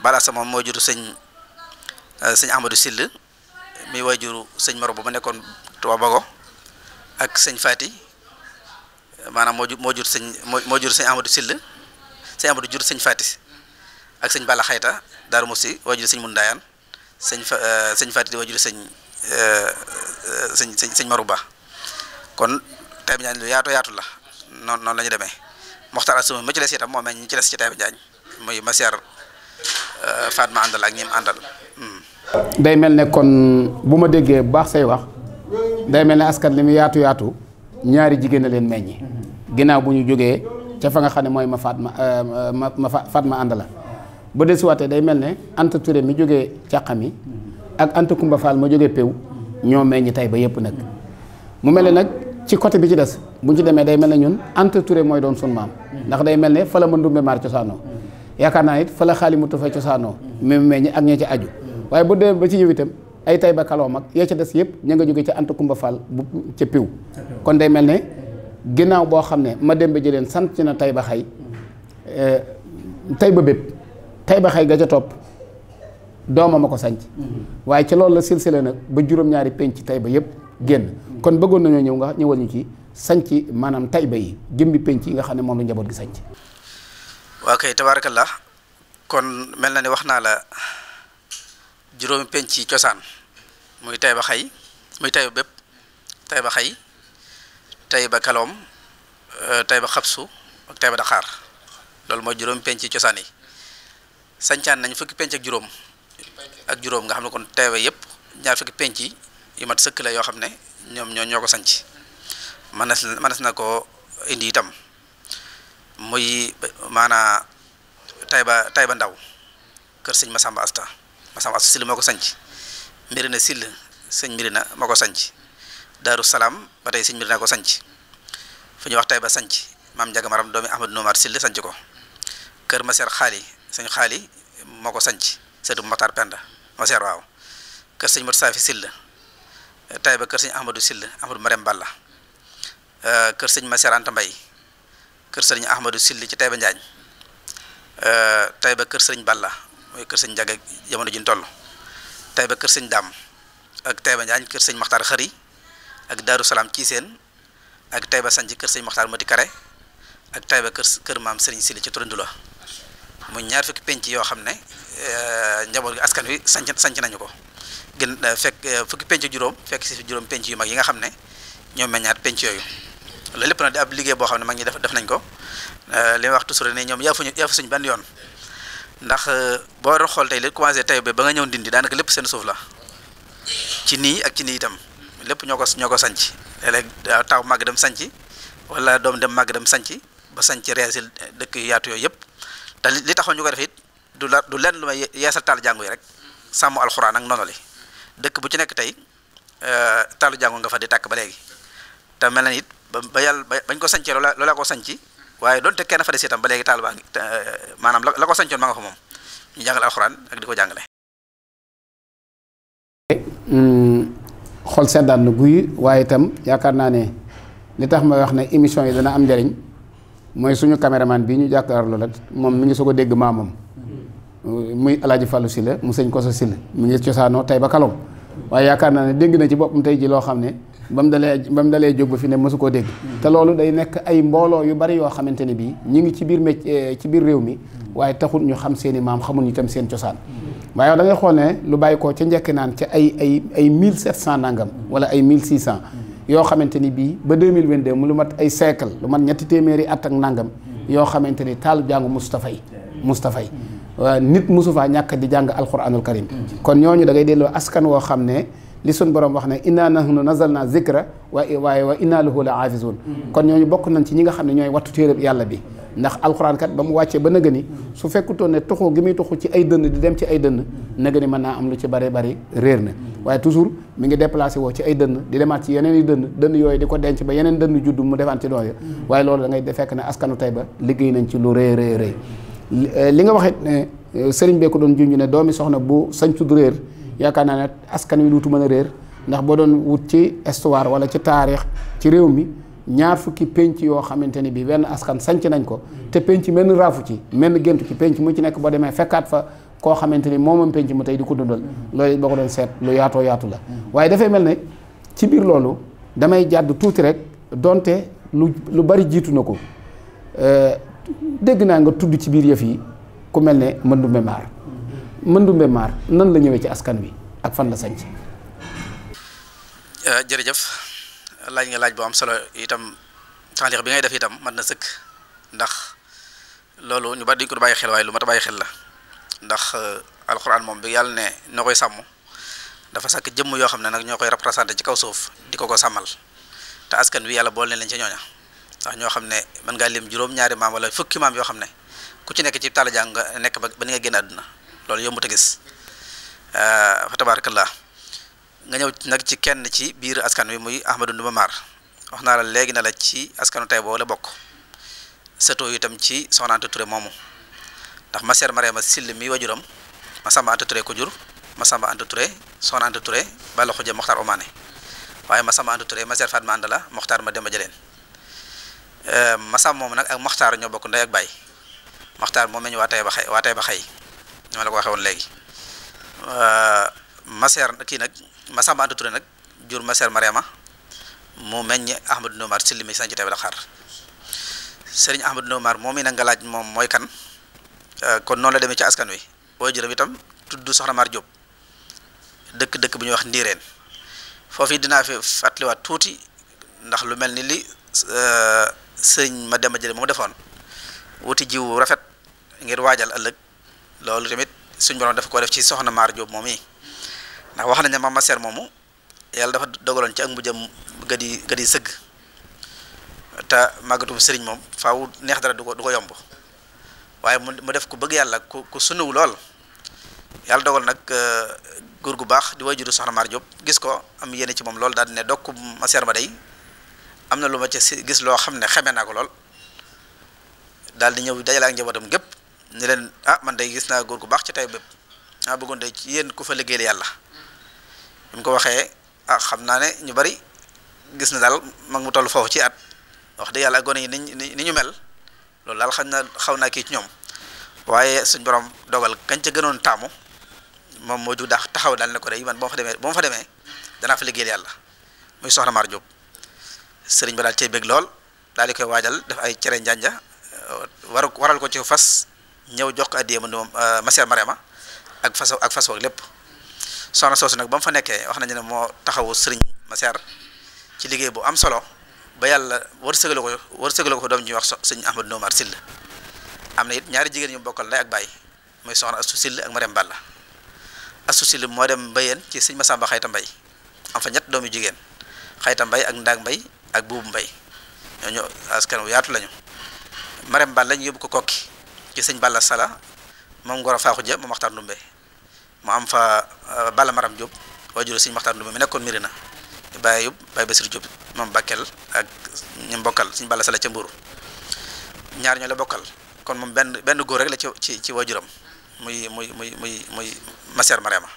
Bala Asta moom moo jur sëñ euh, sëñ Ahmadou Sill mi way juru sëñ Moro ba ma nekkoon Tuba Bago ak sëñ Fati maanaam moo jur moo jur sëñ moo jur sëñ Ahmadou Sill sëñ Ahmadou jur sëñ Fati ak sëñ Bala Xayta Daaru Musi way juru sëñ Mun Daayaan sëñ fa euh, sëñ Fati di way juru sëñ sëñ sëñ kon Taïba Njaañ lu yaatu yaatu la noonu noonu la ñu demee Moxtaar Asuma ma ci des itam moo meñ ñi ci des ci Taïba Njaañ muy Masiar euh, Fatma àndal ak ñi mu hmm. day mel ne kon bu ma déggee bu baax say wax day mel ne askan li mu yaatu yaatu ñaari jigéen a leen meññi ginnaaw bu ñu jógee ca fa nga xam ne mooy ma Fatma euh, ma ma Fatma ànd la ba desuwaatee day mel ne Anta Touré mi jógee càqami ak Anta Kumba Fall ma jógee Péw ñoo meññi tey ba yëpp nag mu mel ne nag. ci côté bi ci des bu buñ ci demee day mel ne ñun Anta Touré mooy doon sun maam ndax day mel ne fala la ma ndumbe maar cosaanoo yaakaar naa it fa la xaali mu tufay cosaanoo même meññi ak ñee ci aju waaye bu dee ba ci ñëw itam ay tay ba kaloo mag yee ca des yëpp ña nga jóge ci Anta Kumba Fall bu ca piw kon day mel ne ginnaaw boo xam ne ma dem ba jëleen sant na tay ba xay eh, tay ba bépp tay ba xay ga ca topp doomam a ko sanc mm-hmm. waaye ci loolu la silsile nag ba juróom-ñaari penc tay ba yëpp génn kon bëggoon nañoo ñëw nga ñëwal ñu ci sanc maanaam tayba yi jëmbi penc yi nga xam ne moom la njaboot gi sanc waa kay la kon mel na ni wax naa la juróomi penc yi cosaan muy tayba xay muy tayba bépp tayba xay tayba kaloom euh, tayba xabsu ak tayba daxaar loolu mooy juróomi penc yi cosaan yi sañcaan nañ fukki penc ak juróom ak juróom nga xam ne kon tayba yëpp ñaar fukki penc yi yu mat sëkk la yoo xam ne ñoom ñoo ñoo ko sanc manas manas na ko indi itam muy maanaa Tayba ba Ndaw kër sëñ Masamba Asta Masamba Asta Sill moo ko sanc Mbirina sil sëñ Mbirina moo ko sanc Daaru Salaam ba tey sëñ Mbirina ko sanc fu ñuy wax Tayba sanc maam Njaga Maram doomi Ahmadu Nomar Sill sanc ko kër Maseer Xaali sëñ Xaali moo ko sanc seetu Matar Penda Maseer waaw kër sëñ Mat Saafi Sill ba kër sëñ Ahmadou Sill Ahmadou Marème Balla euh, kër sëñ Massir mbay kër sëñ Ahmadou Sill ci Taïba Njaañ euh, ba kër sëñ Balla mooy kër sëñ Njaga jamono ji ñu toll ba kër sëñ Daam ak Taïba Njaañ kër sëñ maxtar Xëri ak Daaru Salaam ci seen ak Taïba Sanji kër sëñ Maxtaar Mati Kare ak Taïba kër kër maam Serigne Sill ci Turandula mu ñaar fukki penc yoo xam ne euh, njaboot gi askan wi sanc sanc nañu ko gën euh, fekk euh, fukki penc juróom fekk si fi juróom penc yu mag yi nga xam ne ñoo meññaat penc yooyu loolu lépp nag di ab liggéey boo xam ne mag ñi def def nañ ko euh, li ma wax toujours ne ñoom yaafuñu yaafusuñ benn yoon ndax boo doon xool tey li commencé tey ba nga ñëw ndindi daanaka lépp seen suuf la ci nii ak ci nii itam lépp ñoo ko ñoo ko sanc léeg-léeg taw màgg dem sanc wala doom dem màgg dem sanc ba sanc reesil dëkk yaatu yooyu yëpp te li taxoon ñu ko def it du la du lenn lu may yeesal taal jàngu yi rek sàmm alxuraan ak noonu li dëkk bu ci nekk tey euh, taalu jàngu nga fa di tàkk ba léegi te mel na it ba yàlla bañ ko sancee loola loola ko sanci waaye doonte kenn fa des itam ba léegi taal baa ngi euh, maanaam la ko sancoon ma nga fa moom ñu jàngal alxuraan ak di ko jàngale mm, xol seddaat na guy waaye itam yaakaar naa ne li tax may wax ne émission yi dana am njariñ mooy suñu caméraman bi ñu jàkkaarloo la moom mi ngi soog a dégg maamam muy alaaji Fallou Sylla mu sëñ Koso Sylla mu ngi cosaanoo tey ba kalom waaye yaakaar naa ne dégg na ci boppam tey ji loo xam ne ba mu dalee ba mu dalee jóg fi ne su koo dégg te loolu day nekk ay mbooloo yu bari yoo xamante ne bii ñu ngi ci biir mecc eh, ci biir réew mi waaye taxul ñu xam seen i maam xamul itam seen cosaan waaye da ngay xool ne lu bàyyi koo ca njëkk naan ca ay ay ay mille sept cent nangam wala ay mille six cent yoo xamante ni bii ba 2022 mu lu mat ay siècle lu mat ñetti téeméeri at nangam yoo xamante ni taalu jàngu Moustapha yi Moustapha yi nit mosu faa ñàkk di jàng alquranul karim kon ñooñu da ngay delloo askan woo xam ne li sun borom wax ne na nahnu nazalna zikra wa waaye wa inna lahu la hafizun kon ñooñu bokk nañ ci ñi nga xam ne ñooy wattu téereb yàlla bi ndax alxuraan kat ba mu wàccee ba nëgë ni su fekkutoon ne tuxu gi muy tuxu ci ay dënd di dem ci ay dënn nëgë ni mën naa am lu ci bare bari réer na waaye toujours mi ngi déplacé woo ci ay dënn di demaat ci yeneen i dënd dënd yooyu di ko denc ba yeneen dënd juddu mu defaan ci doon waaye loolu da ngay fekk ne askanu tey ba liggéey nañ ci lu rëy rëy li nga waxit ne euh, sëriñ bee ko doon junj ne doomi soxna bu sañcu du réer yaakaar naa ne askan wi duutu mën a réer ndax boo doon wut ci histoire wala ci taarix ci réew mi ñaar fukki pénc yoo xamante ni bii benn askan sanc nañ ko te penc menn raafu ci menn géntu ci penc mu ci nekk boo demee fekkaat fa koo xamante ni moomam penc mu tey di ko dundal loolu it boo ko doon seet lu yaatoo yaatu la waaye dafay mel na ci biir loolu damay jàdd tuuti rek donte lu bari jiitu na ko euh, dégg naa nga tudd ci biir yëf yi ku mel ne Mandoumbe Maar Mandoumbe Maar nan la ñëwee ci askan wi ak fan la sanc euh, jërëjëf laaj nga laaj bu am solo itam taalix bi ngay def itam mat na sëkk ndax loolu ñu bari dañu ko bàyyi xel waaye lu mat bàyyi xel la ndax euh, alxuraan moom bi yàlla ne noo koy sàmm dafa sàkk jëmm yoo xam ne nag ñoo koy représenté ci kaw suuf di ko ko sàmmal te askan wi yàlla boole leen ci ñooña ndax ñoo xam ne mën ngaa lim juróom-ñaari maam wala fukki maam yoo xam ne ku ci nekk ci taala jàng nga nekk ba ba ni nga génn àdduna loolu yombut a gis euh, fa tabarakallah nga ñëw nag ci kenn ci biir askan wi muy Ahmadou Ndoumbé Mar wax naa la léegi na la ci askanu tay boo la bokk ci Soxna Anta Touré ndax ma seer Mariama Sill mi wajuram Masamba Anta Touré ko jur Masamba Anta Touré Soxna Anta Touré bala xuja Moxtaar Omaane waaye Masamba Anta Touré ma seer Fatma Anta la ma Demba Jaleen Euh, Masam moom nag ak Maxtaar ñoo bokk ndey ak baay Maxtaar moom la ñu waa tey ba xay waa tey ma la ko waxee woon léegi euh, Maseer kii nag Masamba Anta Touré nag jur Maseer Mariama mu meññ Ahmadou Nomar si li muy sànci tamit la moom mi nag nga laaj moom mooy kan euh, kon noonu la demee ci askan wi booy jërëm itam tudd Soxna Mar Diop dëkk-dëkk bu ñuy wax Ndiireen foofu dinaa fi fàttaliwaat tuuti ndax lu mel ni li. sëriñ ma dem jële moom defoon wuti jiwu rafet ngir waajal ëllëg loolu tamit suñ borom daf koo def ci soxna maar Jóob moom yi ndax wax nañ ne ma maseer moomu yàlla dafa dogaloon ci ak mujjam gëdi gëdi sëgg te màggatum sëriñ moom faaw neex dara du ko du ko yomb waaye mu def ku bëgg yàlla ku ku sunuwu lool yàlla dogal nag euh, góor gu baax di way juru soxna maar Jóob gis ko am yéene ci moom lool daal di ne dokk ma day am na lu ma ca gis loo xam ne xeme naa ko lool daal di ñëw dajale ak njabootam gépp ni leen ah man day gis naa góor gu baax ci tay bépp ah bëggoon day ci yéen ku fa liggéeyal yàlla ko waxee ah xam naa ne ñu bari gis na daal mag mu toll foofu ci at wax dëgg yàlla ak gone yi ni ñu mel loolu daal xam na xaw naa kii ci ñoom waaye suñ borom dogal kañ ca gënoon taamu moom moo ju dax taxaw daal ne ko day man boo fa demee boo fa demee danaa fa liggéeyal yàlla muy soxna Mar Diop sëriñ ba daal cee bég lool daal di koy waajal def ay cere njanja euh, war waral ko ci fas ñëw jox ko addiya mën euh, masière Mariama ak fas ak fas ak lépp soxna soosu nag ba mu fa nekkee wax nañu ne moo taxawu sëriñ masière ci liggéey bu am solo ba yàlla wërsëgale ko wërsëgale ko fa doom ñuy wax sëñ Ahmad Nomar Sill am na it jigéen ñu bokkal lay ak baay mooy soxna Astu Sill ak Mariam Balla Astu Sill moo ci sëñ Masamba Xayta Mbay am ñett doomu jigéen Xayta Mbay ak Ndaag Mbay ak buubu mbay ñooñu askan wu yaatu lañu Marème Ball lañ yóbbu ko kokki ci sëñ Balla Sala moom Ngor Faaxu Ja moom Maxtaar Ndumbe mu am fa euh, Balla Maram Diop waajuru sëñ Maxtaar Ndumbe mi nekkoon Mirina Baye Yub Baye Basir Diop moom Bakel ak ñu bokkal sëñ Balla Sala ca Mbuuru ñaar ñoo la bokkal kon moom benn benn góor rek la ci ci waajuram muy muy muy muy muy Maseer Marema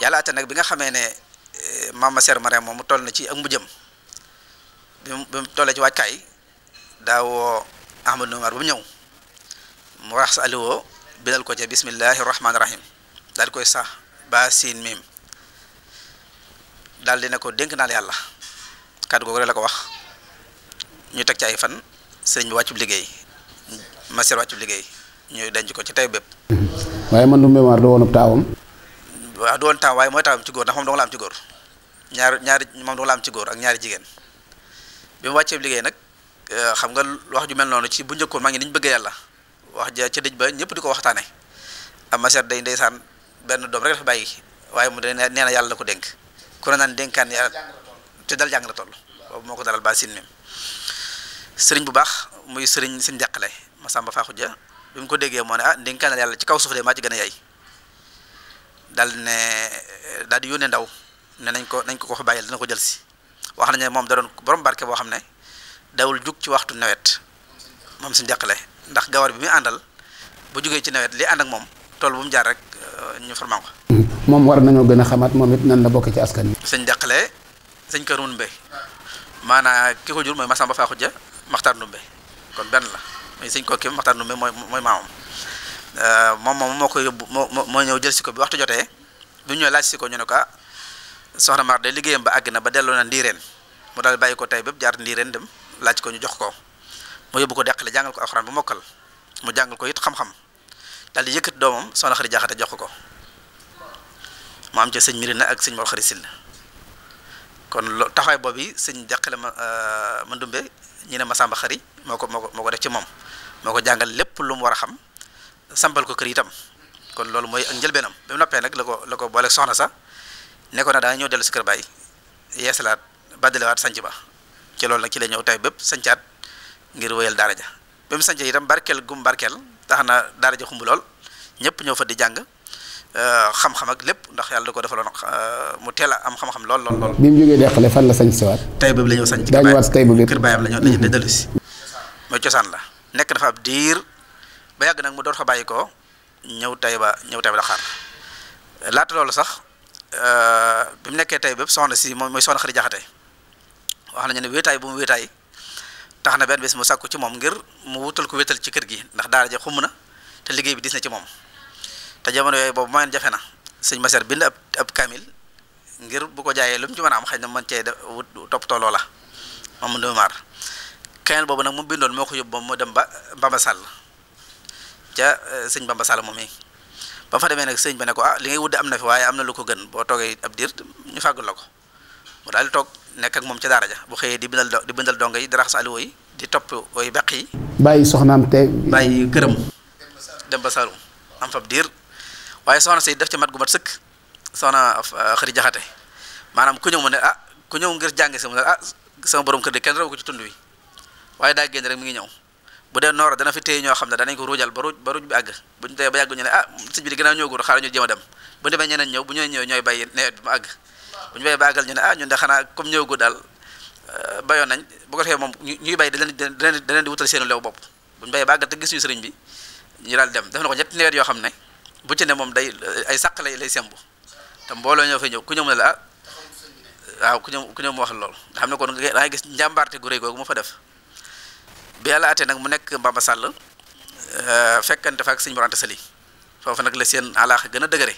yàlla ate nag bi nga xamee ne. mama ser marin moom mu toll na ci ak mu jëm bi mu tollee ci waajkaay daawoo Ahmadou Noumar ba mu ñëw mu rax sa aliwoo bindal ko ca bismillahi rahmaani rahim daal koy sax ba miim daal di ne ko dénk naa la yàlla kàddu googu la ko wax ñu teg ci ay fan sëriñ bi wàccub liggéey ma ser wàccub liggéey ñu denc ko ci tey bépp. waaye man du mémoire la woon taawam. waaw du woon taw waaye mooy taw ci góor ndax moom dong la am ci góor ñaar ñaari moom am ci góor ak ñaari jigéen bi mu wàccee liggéey nag euh, xam nga wax ju mel noonu ci bu njëkkoon maa ngi niñ bëgg yàlla wax ja ca dëj ba ñëpp di ko waxtaane am ma day day saan benn doom rek dafa bàyyi waaye mu de nee na yàlla la ko dénk ku ne naan dénkaan yàlla te dal jàng la toll moo ko dalal ba sin mim sëriñ bu baax muy sëriñ ma jàqale Masamba Faxu Ja bi mu ko déggee moo ne ah dénkaanal yàlla ci kaw suuf maa ci yaay dal ne daal di yónnee ndaw ne nañ ko nañ ko ko fa bàyyil dina ko jël si wax nañ ne moom da doon borom barke boo xam ne dawul jug ci waxtu nawet moom suñu jàqale ndax gawar bi muy àndal bu jugee ci nawet li ànd ak moom tool bu mu jaar rek euh, ñu forman ko moom war nañoo gën a xamaat moom it nan la bokk ci askan wi. sëñ jàqale sëñ kër Ndumbe maanaam ki ko jur mooy Massamba Faxu Ja Maxtaar Ndumbe kon benn la mooy sëñ kooki Maxtaar Ndumbe mooy mooy maamam Euh, moom moom moo ko yóbbu moo moo ñëw jël si ko bi waxtu jotee bi ñu laaj si ko ñu ne ko ah, soxna Mar de liggéeyam ba àgg na ba delloo na ndiireen moo daal bàyyi ko tey bépp jaar ndiireen dem laaj ko ñu jox ko moo yóbbu ko deqale jàngal ko alxuraan bu mokkal mu jàngal ko it xam-xam daal di yëkkat doomam soxna Xari Jaxate jox ko mu am ci sëñ Mirina ak sëñ Mor Xari Sil kon lo taxawaay boobu sëñ deqale ma euh, ma ndumbe ñu ne ma Masamba Xari moo ko moo ko moo ko def ci moom moo ko jàngal lépp lu mu war a xam. sambal ko kër itam kon loolu mooy ak njëlbeenam bi mu noppee nag la ko la ko booleeg soxna sax ne na daa ñëw dellu si kër baay yeesalaat baddalewaat sanc ba ci loolu nag ci la ñëw tay bépp sancaat ngir wéyal daara ja ba mu sancee itam barkeel gum barkeel tax na daara ja xumb lool ñëpp ñëw fa di jàng euh, xam-xam ak lépp ndax yàlla da ko defaloon euh, mu teel a am xam-xam lool lool lool. bi mu jógee deqale fan la sañ si waat. tay boobu la ñëw sañ. daañu waat tay boobu kër baayam la ñëw dañuy si. mooy cosaan la nekk na ab diir. ba yàgg nag mu door fa bàyyi ko ñëw tay ba ñëw Tayba Daxaar laata loolu sax euh, bi mu nekkee tey bépp soxna si moom mooy soxna Xari Jaxate wax nañu ne wéetaay bu mu wéetaay tax na benn bés mu sàkku ci moom ngir mu wutal ko wéetal ci kër gi ndax daara ja xumm na te liggéey bi dis na ci moom te jamono yooyu boobu moyen jafe na sëñ Maseer bind ab ab kaamil ngir bu ko jaayee lu mu ci mën a am xëy na mën cee wut toppatoo loola moom mu maar kaamil boobu nag mu bindoon moo ko dem ba Mbamba Sall ca eh, sëñ ba Sall moom mi ba fa demee nag sëñ ba ne ko ah li ngay wudde am na fi waaye am na lu ko gën boo toogee ab diir ñu fàggul la ko mu daal di toog nekk moom ca daara ja bu xëyee di bindal di bindal dongo yi di raxas aliwo di topp oy beq yi. bàyyi soxnaam te. bàyyi këram. dem ba Saalum am diir waaye soxna si def ca mat gu mat sëkk soxna xëri eh, jaxate maanaam ku ñëw mu ne ah ku ñëw ngir jàng si mu ne ah sama borom kër de kenn raw ko ci tund wi waaye daa génn rek mi ngi ñëw. bu dee noor dana fi téye ñoo xam ne danañ ko ruujal ba ruuj ba ruuj bi àgg bu ñu teye ba yàgg ñu ne ah sëñ bi di gënaaw a bu ñu demee ñeneen ñëw bu ñooy ñëw ñooy bàyyi nawet bi ñu ne ah xanaa comme ñëw gu daal euh, bayoon nañ bu ko defee moom ñuy bàyyi da leen da leen di wutal seenu lew bopp bu ñu bàyyi ba àggal te gis ñu sëriñ bi ñu daal dem def na ko ñetti nawet yoo xam ne bu ci ne moom day ay sàq lay lay sembu te mbooloo ñoo fay ñëw ku ñëw mu ne la ah waaw ku ñëw ku ñëw mu wax loolu nga xam ne kon da ngay gis njàmbaarte gu rëy googu mu fa def bi yàlla nag mu nekk Mbamba sàll euh, fekkante fa ak sëñ Mor Anta foofu nag la seen alaax gën a dëgëre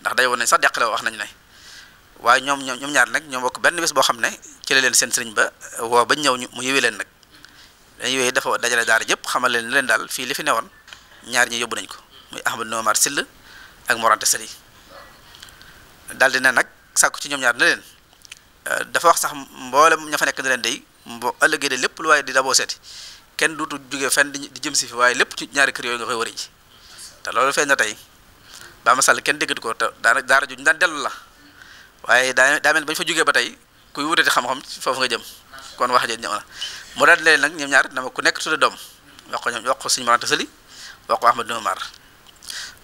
ndax day woon nañ sax deq la wax nañ ne waaye ñoom ñoom ñaar nag ñoom bokk benn bés boo xam ne ci la leen seen sëriñ ba woo ba ñëw ñu mu yëwee leen nag dañu yëwee dafa dajale daara yëpp xamal leen leen daal fii li fi newoon ñaar ñi yóbbu nañ ko muy Ahmad Nomar Sill ak Mor Anta Sali daal di ne nag sàkku ci ñoom ñaar na leen euh, dafa wax sax mboolem ña fa nekk na leen day mbo ëllëgee de lépp lu waaye di daboo seeti kenn duutu jóge fenn di jëm si fi waaye lépp ci ñaari kër yooyu nga koy wari ji te loolu feeñ na tey ma Sall kenn déggatu ko te daanaka daara ju ñu daan dellu la waaye daa daa mel bañ fa jógee ba tey kuy wutati xam-xam foofu nga jëm kon wax jooju ñëw na mu daal leen nag ñoom ñaar dama ku nekk tudde doom wax ko ñoom wax ko sëñ Morante Sali wax ko Ahmadou Mar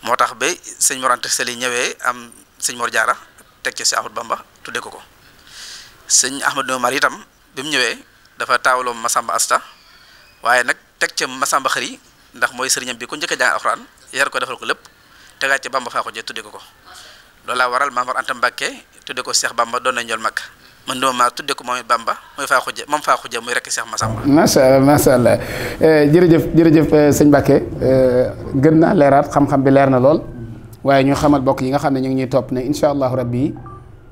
moo tax ba sëñ Morante Sali ñëwee am sëñ Mor Jaara teg ci si Ahmadou Bamba tudde ko ko sëñ Ahmadou Mar itam bi mu ñëwee dafa taawaloom Masamba Asta. waaye nag teg ca Masamba yi ndax mooy sëriñam bi ko njëkk a jàng alxuraan yar ko defal ko lépp tegaat ci Bamba Faaxu je tudde ko ko loolaa waral Maam Mor Anta Mbàkke tudde ko Seex Bamba doon na ñool Makka man duma maa tudde ko moom it Bamba mooy Faaxu je moom Faaxu je muy rekk Seex Masamba macha allah macha eh, jërëjëf jërëjëf eh, sëñ Mbàkke eh, gën naa leeraat xam-xam bi leer na lool waaye ñu xamal bokk yi nga xam ne ñu ngi ñuy topp ne incha allahu rabbi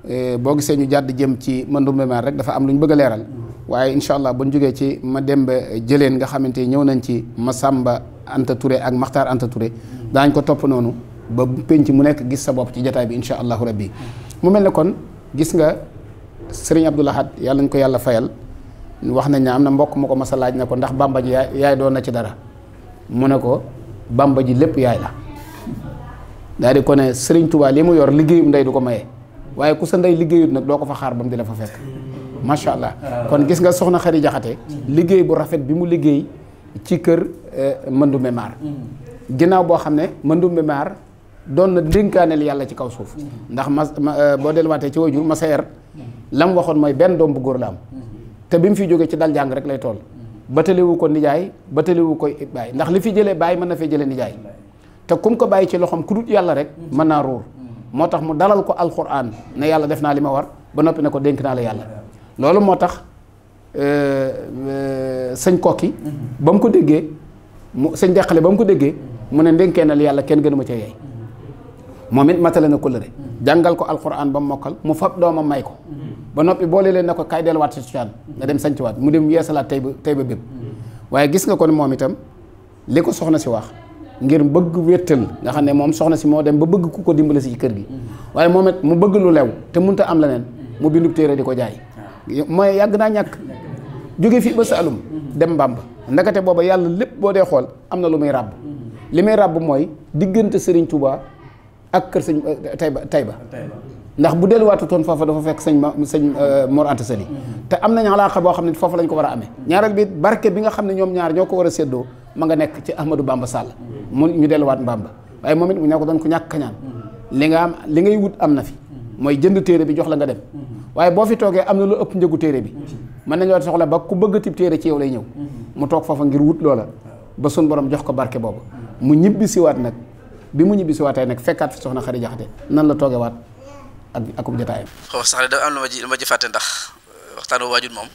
Eh, boo gisee ñu jàdd jëm ci Mandoumbe Mar rek dafa am lu ñu bëgg a leeral waaye incha allah bu ñu jógee ci ma Mademba Jëleen nga xamante ñëw nañ ci Masamba Anta Touré ak Maxtaar Anta Touré daañ ko topp noonu ba penc mu nekk gis sa bopp ci jataay bi incha allahu rabbi mu mel ne kon gis nga sëriñ Abdoul Ahad yàlla ñu ko yàlla fayal wax nañ ne am na mbokk mu ko mas a laaj na ko ndax bàmba ji yaay yaay doon na ci dara mu ne ko bàmba ji lépp yaay la daal di ko ne sëriñ Tuubaa li mu yor liggéeyum ndey du ko maye. waaye ku sa ndey liggéeyut nag doo ko fa xaar ba mu di la fa fekk macha allah kon gis nga soxna Xari Jaxate liggéey bu rafet bi mu liggéey ci kër mën du Maar ginnaaw boo xam ne mën du Maar doon na ndénkaaneel yàlla ci kaw suuf ndax ma eh, boo delluwaatee ci wajur ma sayer lam waxoon mooy benn doom bu góor la am te bi mu fi jógee ci dal jàng rek lay tool ba batalewu ko nijaay ba batalewu ko bàyyi ndax li fi jëlee bàyyi mën na fee jëlee nijaay te ko bàyyi ci loxoom ku dut mën naa ruur moo tax mu dalal ko alxuraan na yàlla def naa li ma war ba noppi ne ko dénk naa la yàlla loolu moo tax euh, euh, sëñ kokki mhm. ba mu ko déggee mu sëñ deqale ba mu ko déggee mu ne ndénkee na yàlla kenn gënu ma ca yeey mhm. moom it matale na ko kóllëre mhm. jàngal ko alxuraan ba mu mokkal mu fab doomam may ko ba noppi boole leen ne ko kaay delluwaat si cosaan nga dem sañciwaat mu dem yeesalaat tey ba tey ba bépp waaye gis nga kon moom itam li ko soxna si wax ngir bëgg wéttal nga xam ne moom soxna si moo dem ba bëgg ku ko dimbale si ci kër gi waaye moom it mu bëgg lu lew te mënut a am leneen mu bindub téere di ko jaay mooy yàgg naa ñàkk jóge fii ba dem Bamba ndakate booba yàlla lépp boo dee xool am na lu muy ràbb li muy ràbb mooy diggante Serigne Touba ak kër sëñ euh, Taïba Taïba ndax bu delluwaatu toon foofa dafa fekk sëñ ma sëñ euh, Mor Anta Sali te am nañ alaaxa boo xam ne foofu lañ ko war a amee ñaareel bi barke bi nga xam ne ñoom ñaar ñoo ko war a séddoo ma nga nekk ci Ahmadou Bamba Sall mu ñu delluwaat Mbamba waaye moom it mu ñaa ko doon ku ñàkk kañaan li nga am li ngay wut am na fi mooy jënd téere bi jox la nga dem waaye boo fi toogee am na lu ëpp njëgu téere bi mën nañoo soxla ba ku bëgg tib téere ci yow lay ñëw mu toog foofa ngir wut loola ba sun borom jox ko barke boobu mu ñibbi siwaat nag bi mu ñibbi siwaatee nag fekkaat fi soxna Xadi Jaxate nan la toogewaat ak akum jotaayam xaw sax da am lu ma ji lu ma ji fàtte ndax waxtaanu waajur moom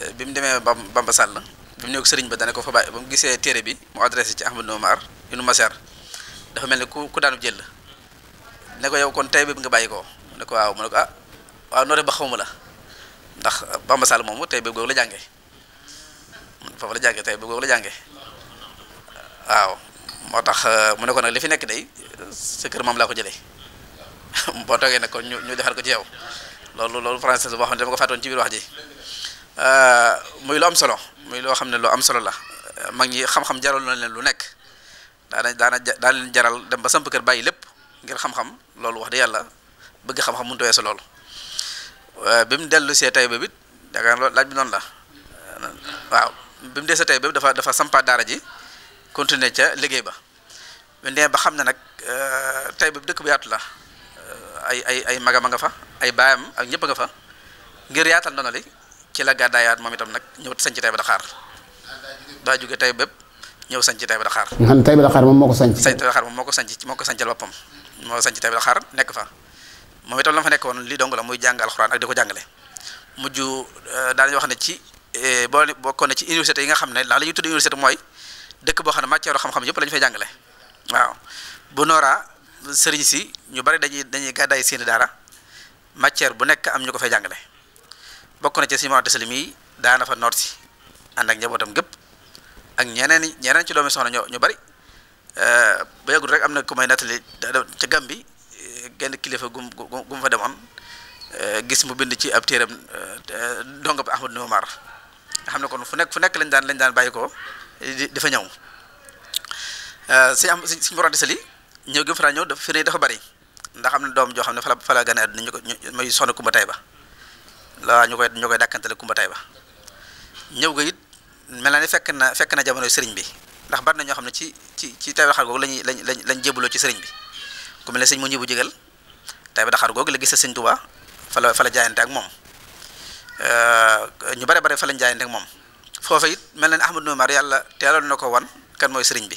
eh, bi mu demee Bamba Sall bi mu nekk sëriñ ba dana ko fa bàyyi ba mu gisee téere bi mu adressé ci Ahmad Nomar ibnu Masar dafa mel ne ku ku daanu jël ne ko yow kon tey bi nga bàyyi ko mu ne ko waaw mu ne ko ah, la ndax Bamba Sall moomu tey la jàngee la jàngee tey bi googu la tax mu ne ko nag li fi nekk day sa kër laa ko jële boo toogee nag ñu ñu ko ci yow loolu loolu français boo xam ne dama ko fàttoon ci wax ji. Euh, muy lu am solo muy loo xam ne lu am solo la mag ñi xam-xam jaral na leen lu nekk daana daana daa leen jaral dem ba samp kër bàyyi lépp ngir xam-xam loolu wax dëgg yàlla bëgg xam-xam mënut a weesu loolu euh, bi mu dellu see tey ba bit yaakaar laaj bi noonu la waaw bi mu dee see tey ba dafa dafa sampa daara ji continuer ca liggéey ba bu ñu ba xam ne nag euh, tey ba dëkk bu yaatu la ay ay ay magam a nga fa ay baayam ak ñëpp nga fa ngir yaatal ndono li ci la gàddaayaat moom itam nag ñëw sanc Taïba Daxaar daa jóge Taïba bépp ñëw sanc Taïba Daxaar nga xam ne Taïba Daxaar moom moo ko sanc sanc Taïba Daxaar moom moo ko sanc moo boppam moo sanc Taïba Daxaar nekk fa moom itam la fa nekkoon woon li dong la muy jàng alxuraan ak di ko jàngale mujj eh, daanañu wax ne ci eh, boo bokkoon ne ci université yi nga xam ne la ñuy tudd université mooy dëkk boo xam ne matière xam-xam yëpp la ñu fay jàngale waaw bu nooraa sëriñ si ñu bari dañuy dañuy gàddaay seeni daara matière bu nekk am ñu ko fay jàngale bokk na ci si Maodo Salim yi daana fa noot si ànd ak njabootam gépp ak ñeneen ñeneen ci doomi soxna ñu bari euh, ba yàggul rek am na ku may nettali ca gam bi euh, genn kilifa gum gum fa dem am euh, gis mu bind ci ab téeram donga bi Ahmad Nomar nga xam ne kon fu nekk fu nekk lañ daan lañ daan bàyyi ko di dafa ñëw si am si Maodo Salim ñëw gi mu fa ñëw dafa fi dafa bari ndax am na doom joo xam ne fa la fa la gane àdduna ñu ko ñu may soxna Kumba Tayba la ñu koy ñu koy dàkkantale Kumba Tayba ñëw ga it mel na ni fekk na fekk na jamono sëriñ bi ndax bari na ñoo xam ne ci ci ci Tayba Daxar lañuy lañ lañ lañ jébbaloo ci sëriñ bi ku mel ne sëñ mu ñibu jégal Tayba Daxar googu la gis sa sëñ Tuubaa fa la fa la jaayante ak moom ñu bare bare fa lañ jaayante ak moom foofu it mel na ni Ahmadu Nomar yàlla teelal na ko wan kenn mooy sëriñ bi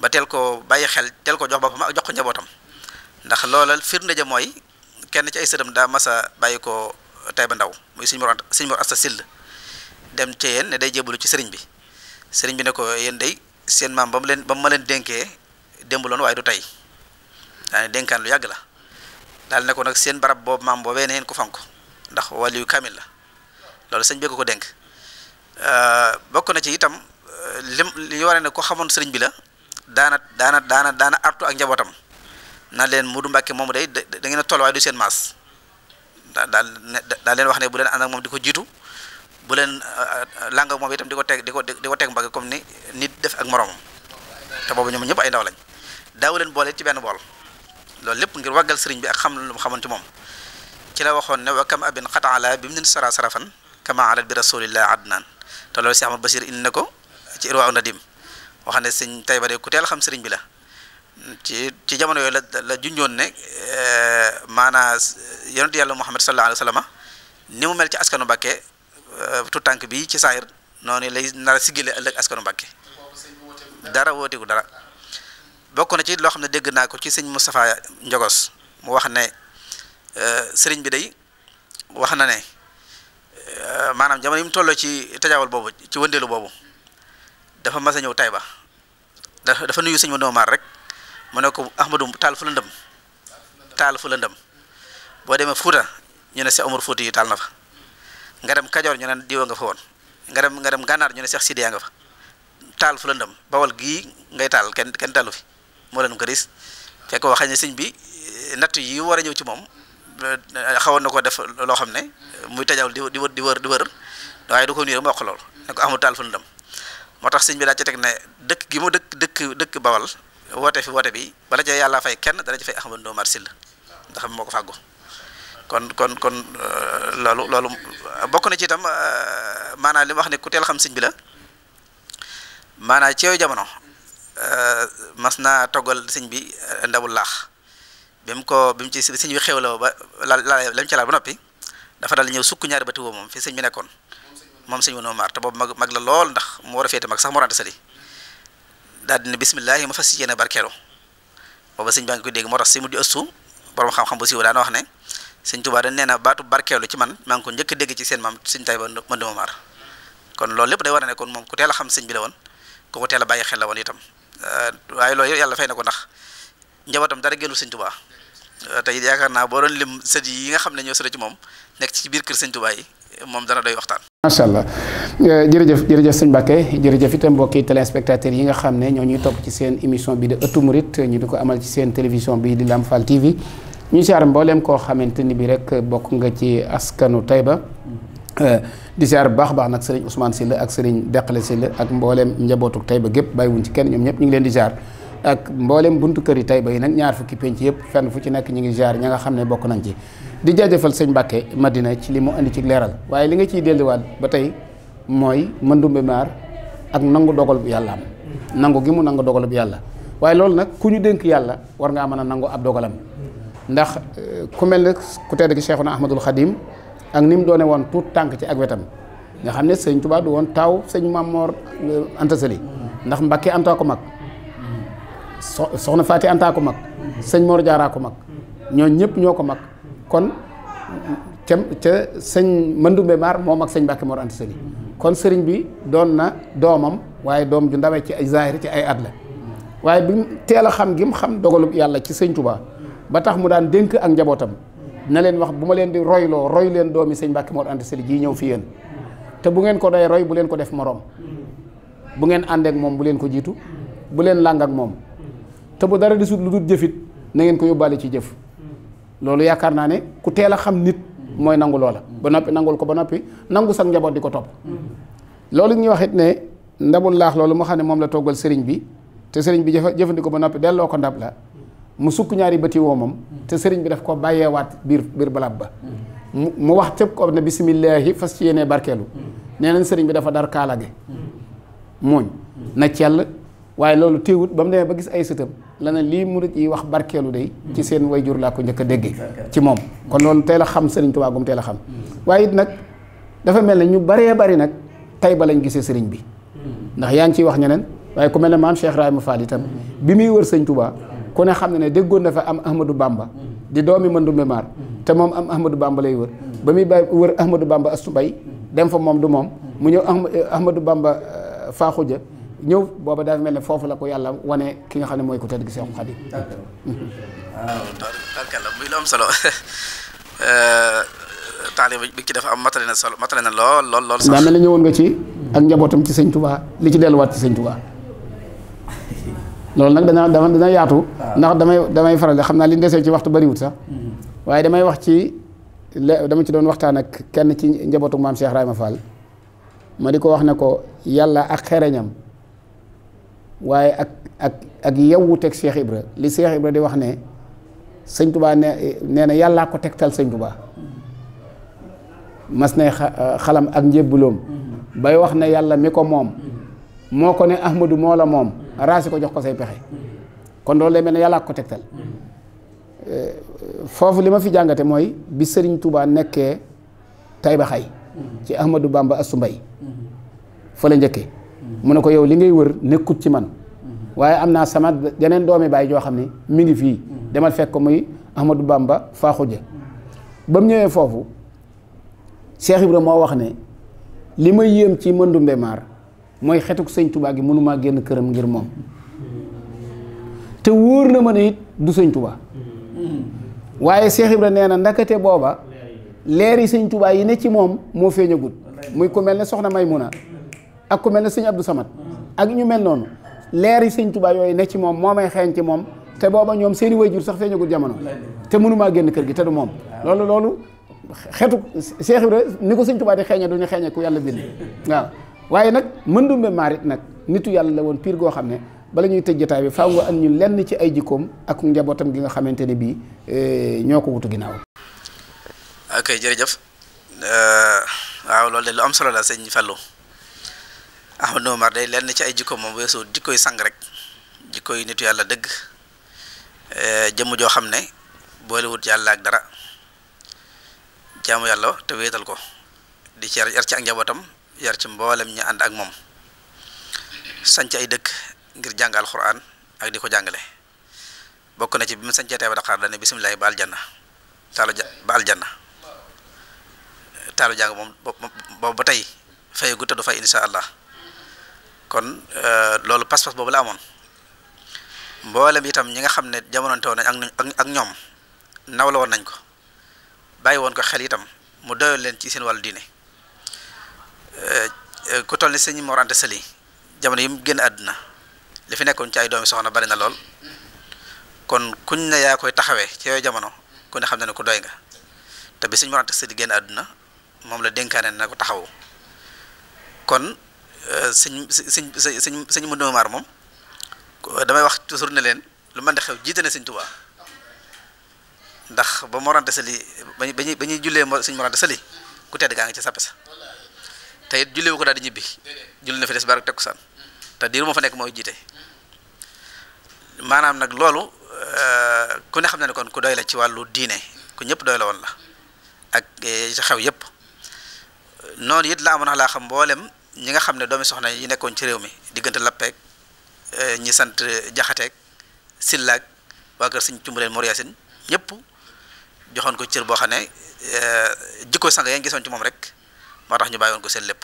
ba teel ko bàyyi xel teel ko jox boppam ak jox ko njabootam ndax loola firnde ja mooy kenn ci ay sëram daa mas a bàyyi ko Taïba Ndaw muy sëñ Mor Anta sëñ Mor Asta Sill dem ci yéen ne day jébalu ci sëriñ bi sëriñ bi ne ko yéen day seen maam ba mu leen ba mu ma leen dénkee démb waaye du tey daane denkaan lu yàgg la daal ne ko nag seen barab boobu maam boobee ne ko fanko ndax wàliyu kaamil la loolu sëñ bi ko ko dénk euh, bokk na ci itam euh, lim li waree ne ko xamoon sëriñ bi la daana daana daana daana artu ak njabootam na leen Mudu Mbàkke moomu day da ngeen a toll waaye du seen maas daal daal leen wax ne bu leen ànd moom di ko jiitu bu leen euh, làng ak moom itam di ko teg di ko di ko teg mbagg comme ni nit def ak moroomam te boobu ñoom ñëpp ay ndaw lañ daaw leen boole ci benn bool loolu lépp ngir waggal sëriñ bi ak xam lu mu xamoon ci moom ci la waxoon ne wa kam abin xataala bi mu nin sara sarafan kama alat bi rasulillah adnaan te loolu si Ahmad Basir indi na ko ci irwaa nadim wax ne sëñ Tayba de ku teel xam sëriñ bi la ci ci jamono yooyu la la junjoon ne euh, maanaa yonent yàlla Muhammad sallallahu alayhi ni mu mel ci askanu Mbàkke euh, tu tànk bi ci saahir noonu lay nar a sigile ëllëg askanu Mbàkke dara wooteeku dara bokk na ci loo xam ne dégg naa ko ci sëñ Moustapha Ndiogos mu wax ne euh, sëriñ bi day wax na ne euh, maanaam jamono yi mu tolloo ci tajaawal boobu ci wëndeelu boobu dafa mas ñëw Tayba dafa nuyu sëñ Maodo Mar rek mu ne ko Ahmadou taal fu la ndëm taal fu la ndëm boo demee Fuuta ñu ne Cheikh Omar Fouti yu taal na fa nga dem Kajoor ñu ne diwa nga fa woon nga dem nga dem Gànnaar ñu ne Cheikh Sidiya nga fa taal fu lëndëm bawal gii ngay taal kenn kenn taalu fi moo leen ko ris fekk waxañ ne sëñ bi eh, natt yi war a ñëw ci moom eh, xawoon na ko def loo xam ne muy tajawul di di wër di wër di wër waaye du ko nuyu rek mu wax loolu amul taal fu moo tax sëñ bi daa ci teg ne dëkk gi mu dëkk dëkk dëkk bawal woote fi woote bi bala ca yàlla fay kenn dana ci fay Ahmadou Ndomar Sylla ndax moo ko fàggu kon kon kon euh, loolu loolu bokk na ci itam euh, maanaam li wax ne ku teel xam sëñ bi la maanaam ci jamono euh, mas naa toggal sëñ bi ndawul laax bi mu ko bi mu ci sëñ bi xewloo ba la la la mu ci laal ba noppi dafa dal ñëw sukk ñaari bati woo moom fi sëñ bi nekkoon moom sëñ Manoumar maar te boobu mag mag la lool ndax mu war a féete mag sax mu ranta sali daal di ne bisimilah ma fas yéene barkeelu booba sëñ baa ngi koy dégg moo tax si mujj ëstu borom xam-xam bu siiw daan wax ne sëñ Tuubaa dañ nee na baatu barkeelu ci man maa ngi ko njëkk a dégg ci seen maam sëñ Tayba Ndumbe Mar kon loolu lépp day war a ne kon moom ku teel a xam sëñ bi la woon ku ko teel a bàyyi xel la woon itam euh, waaye loolu na ko ndax njabootam dara génnu sëñ Tuubaa euh, tey yaakaar naa boo doon lim sët yi nga xam ne ñoo sëre ci moom nekk ci biir kër sëñ Tuubaa yi moom dana doy waxtaan. macha allah euh, jërëjëf jërëjëf sëñ Mbacke jërëjëf itam mbokki téléspectateur yi nga xam ne ñoo ñuy topp ci seen émission bi de ëttu murit ñu di ko amal ci seen télévision bi di Lamp Fall TV ñu siyaar mbooleem koo xamante ni bi rek bokk nga ci askanu Tayba mm-hmm. euh, di siyaar bu baax baax nag sëriñ Ousmane Sylla ak sëriñ Deqale Sylla ak mbooleem njabootu ba gépp bàyyiwuñ ci kenn ñoom ñëpp ñu ngi leen di jaar ak mboolem buntu kër yi Tayba yi nag ñaar fukki penc yëpp fenn fu ci nekk ñu ngi jaar ña nga xam ne bokk nañ ci di jaajëfal sëñ Mbàkke Madina ci li mu andi ci leeral waaye li nga ciy delluwaat ba tey mooy mëndumbe maar ak nangu dogal bu yàlla am mm-hmm. nangu gi mu nangu dogal bu yàlla waaye loolu nag ku ñu dénk yàlla war ngaa mën a nangu ab dogalam ndax ku mel ne ku tedd ki Cheikhuna Ahmadul Xadim ak ni mu doone woon tuut tànk ci ak wetam nga xam ne sëñ Tuubaa du woon taaw sëñ Mamor eh, Anta Sali ndax Mbakke Anta ko mag soxna Faati Anta ko mag sëñ Mor Jaara mag ñoo ñëpp ñoo ko mag kon ca ca sëñ Mandumbe Maar moom ak sëñ Mbakke Mor Anta Sali kon sëriñ bi doon na doomam waaye doom ju ndawee ci ay zahir ci ay at la waaye bi teel a xam gi mu xam dogalub yàlla ci sëñ Tuubaa ba tax mu daan dénk ak njabootam na leen wax bu ma leen di royloo roy leen doomi sañ Mbàkke Mor Anta Sali jii ñëw fii yéen te bu ngeen ko doy roy bu leen ko def moroom bu ngeen àndeek moom bu leen ko jiitu bu leen làng moom te bu dara desut lu dul jëfit na ngeen ko yóbbaale ci jëf loolu yaakaar naa ne ku teel a xam nit mooy nangu loola ba noppi nangul ko ba noppi nangu sax njaboot di ko topp loolu ñuy wax it ne ndabul laax loolu moo xam ne moom la toggal sëriñ bi te sëriñ bi jëfandikoo ba noppi delloo ko ndab la mu sukk ñaari bëti moom te sëriñ bi daf ko bàyyeewaat biir biir balab ba mu wax tëb ko ne bisimillahi fas ci yéenee barkeelu nee sëriñ bi dafa dara kaalage mooñ na cell waaye loolu téewut ba mu demee ba gis ay sëtam la ne lii murit yi wax barkeelu de ci seen jur laa ko njëkk a déggee ci moom kon loolu teel a xam sëriñ Tuubaa gum teel a xam waaye it nag dafa mel ne ñu baree bari nag tey ba lañ gisee sëriñ bi ndax yaa ngi ciy wax ñeneen waaye ku mel ne maam Cheikh Rahima itam bi muy wër sëñ Tuubaa ku ne xam ne ne déggoon na fa am Ahmadou Bamba di doomi mëndu mémar te moom am Ahmadou bàmba lay wër ba muy bàyyi wër Ahmadou Bamba astu mbay dem fa moom du moom mu ñëw Ahmadou Bamba euh, faaxuja ñëw booba daal mel ne foofu la ko yàlla wane ki nga xam ne mooy ko tedd gi Seexu Xaadim waaw muy lu am solo euh, taali bi ci dafa am matale na solo matale na lool lool lool sax daa mel ne ñëwoon nga ci ak njabootam ci sëñ Touba li ci delluwaat ci sëñ Touba loolu nag dana dama dana yaatu ah. ndax damay damay faral xam naa li ñu desee ci waxtu bariwut sax mm-hmm. waaye damay wax ci le dama ci doon waxtaan ak kenn ci njabootu maam Cheikh ma Fall ma di ko wax ne ko yàlla ak xereñam waaye ak ak ak yewwuteeg Cheikh Ibra li Cheikh Ibra di wax ne sëñ Touba ne nee na yàllaa ko tegtal sëñ Touba mas na euh, xalam ak njébbuloom mm-hmm. bay wax ne yàlla mi ko moom mm-hmm. moo ko ne Ahmadu moo la moom raasi ko jox ko say pexe kon loolu day mel ne yàllaa ko tegtal eh, foofu li ma fi jàngate mooy bi sëriñ Touba nekkee Tayba Xay ci Ahmadou Bamba Assou mbay fa la njëkkee mu ne ko yow li ngay wër nekkut ci man waaye am naa sama jeneen doomi baay joo xam ne mi ngi fii demal fekk ko muy Ahmadou Bamba faaxuje ba mu ñëwee foofu Cheikh Ibrahima moo wax ne li ma yéem ci Mandoumbe Maar mooy xetuk sëñ tubaa gi mënumaa génn këram ngir moom te wóor na ma ne it du sëñ tubaa waaye Cheikh Ibra nee na ndakate booba leer yi sëñ tubaa yi ne ci moom moo feeñagut muy ku mel ne soxna Maymuna ak ku mel ne sëñ Abdou Samad ak ñu mel noonu leer yi sëñ tubaa yooyu ne ci moom moo may xeeñ ci moom te booba ñoom seeni wayjur sax feeñagut jamono te mënumaa génn kër gi te du moom loolu loolu xetu Cheikh Ibra ni ko sëñ tubaa di xeeñe du ñu xeeñe ku yàlla bind waaw waaye nag mën Mandoumbe Maarit nag nitu yàlla la woon piir goo xam ne bala ñuy tëj jotaay bi faw nga an ñu lenn ci ay jikkoom ak njabootam gi nga xamante ne bii eh, ñoo ko wutu ginnaaw. ok jërëjëf eh, waaw loolu de lu am solo la sëñ Fallou Ahmadou Omar day lenn ci ay jikkoom moom di koy sang rek jikkoy nitu yàlla dëgg eh, jëmm joo xam ne boolewut yàlla ak dara jaamu yàlla te wéetal ko di ci yar ci ak njabootam. yar ci mboolem ñi ànd ak moom sanc ay dëkk ngir jàng alxuraan ak di ko jàngale bokk na ci bi mu sancee Taïba Dakar dane bisimilahi ba aljanna taalu ba aljanna taalu jàng moom boobu ba tey fayagu te du fay insha allah euh, loolu pas-pas boobu la amoon mboolem itam ñi nga xam ne jamononte woon nañ ak ñoom nawla woon nañ ko bàyyi woon ko xel itam mu doyal leen ci seen wàllu diine Euh, ku toll ni sëñ Mor Anta jamono yi mu génn àdduna li fi nekkoon ci ay doomi soxna bari na lool kon kuñ ne yaa koy taxawee ci yooyu jamono ku ne xam na ne ku doy nga te bi sëñ Mor Anta Sali génn àdduna moom la dénkaane na ko taxawu kon euh, sëñ sëñ sëñ sëñ Moundou Mar moom damay wax toujours ne leen lu man di xew jiite na sëñ Tuubaa ndax ba Mor Anta Sali ba ñuy ba ñuy jullee sëñ Mor Anta Sali ku tedd gaa ngi ci sappe sa te it julli wu ko daal di ñibbi te diir moo fa nekk mooy jiite maanaam nag loolu eh, ku ne xam na ne kon ku ci wàllu diine ku ñëpp doy la la ak sa eh, xew yëpp noonu it la amoon na laa xam mboolem ñi nga xam ne doomi soxna yi nekkoon ci réew mi diggante lappeek eh, ñi sant jaxateeg sillaak waa kër sëñ cumbureen mor yaasin ñëpp joxoon ko cër boo xam ne jikko sang yaa ngi gisoon ci moom rek moo tax ñu bàyyi woon ko seen lépp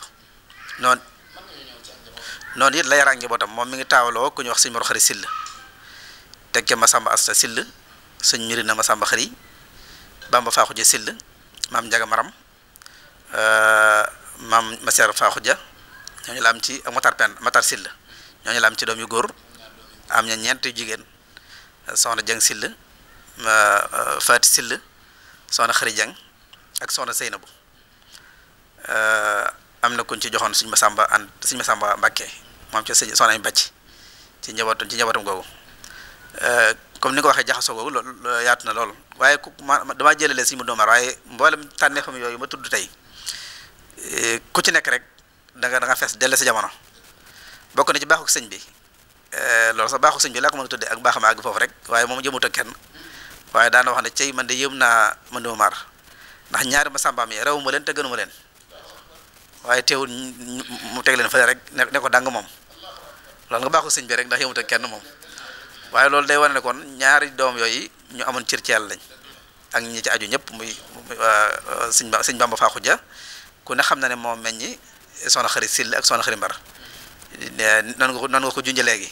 noonu noonu la yar ak njabootam moom mi ngi taawaloo ku ñu wax sëñ Mor Xari Sill teg ca Masamba Asta Sill sëñ Mirina Masamba Xari Bamba Faaxuja Sill maam Njaga Maram euh, maam Maseer Faaxuja ñooñu la am ci ak Matar Pen Matar Sill ñooñu la am ci doom yu góor am ña ñeent yu jigéen soxna Jeng sil euh, Faati Sill soxna Xari Jeng ak soxna Seynabu Euh, am na kuñ ci joxoon suñ Masamba an suñ Masamba Mbàkke moom ci sëñ soxnañ bàcc ci njabootam ci njabootam googu euh, comme ni ko waxee jaxasoo googu loolu yaatu na lool waaye ku ma damaa jëlalee suñu mu doomar waaye mboolem yooyu ma tudd tey euh, ku ci nekk rek da nga da nga fees sa jamono bokk na ci baaxu sëñ bi loolu sax baaxu bi laa ko mën a tuddee ak baaxam àgg foofu rek waaye moom jëmut kenn waaye daana wax na cey man de yëm naa ma doomar ndax ñaari ma sàmbaam yi raw ma leen te gënu ma leen waaye teewul mu teg leen fële rek nekko ko dang moom loolu nga sëñ bi rek ndax kenn moom waaye loolu day wane ne ñaari doom yooyu ñu amoon cër ci yàlla lañ ak ñi ci aju ñëpp muy sëñ ba sëñ Bamba Faaxu Ja ku ne xam na ne moom meññi soxna xari sill ak soxna xari mbar noonu nga ko noonu nga ko léegi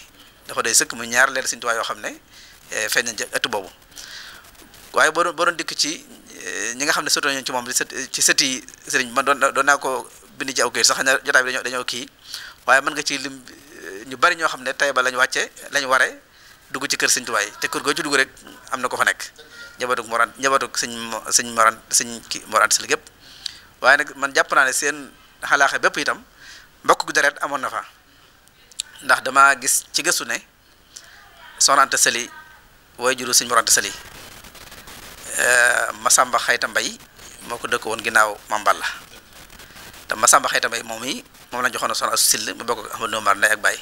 dafa doy sëkk muy ñaar leer sëñ Tuubaa yoo xam ne eh, feeñ nañ ci ëtt waaye boo doon boo doon dikk ci eh, ñi nga xam ne sotoo ñu ci moom ci sëti sëriñ man doon naa ko bind jaaw aw kayit na jotaay bi dañoo kii waaye mën nga ci lim eh, ñu bari ñoo xam ne tey ba lañ wàcce lañ ware dugg ci kër sëñ Tuubaa te kër goo ci dugg rek am na ko fa nekk njabootug morant njabootug sëñ sëñ morant sëñ ki morant si la gépp waaye nag man jàpp naa ne seen xalaaxe bépp itam mbokk gu amoon na fa ndax dama gis ci gëstu ne Soxna Sali waaye juru sëñ morant Sali eh, Masamba Xayta Mbay moo ko dëkk woon ginnaaw Mamballa te Masamba Xayta Mbay moom yi moom la joxoon soxna a Sill mu bokk ak Ahmadu ak bàyyi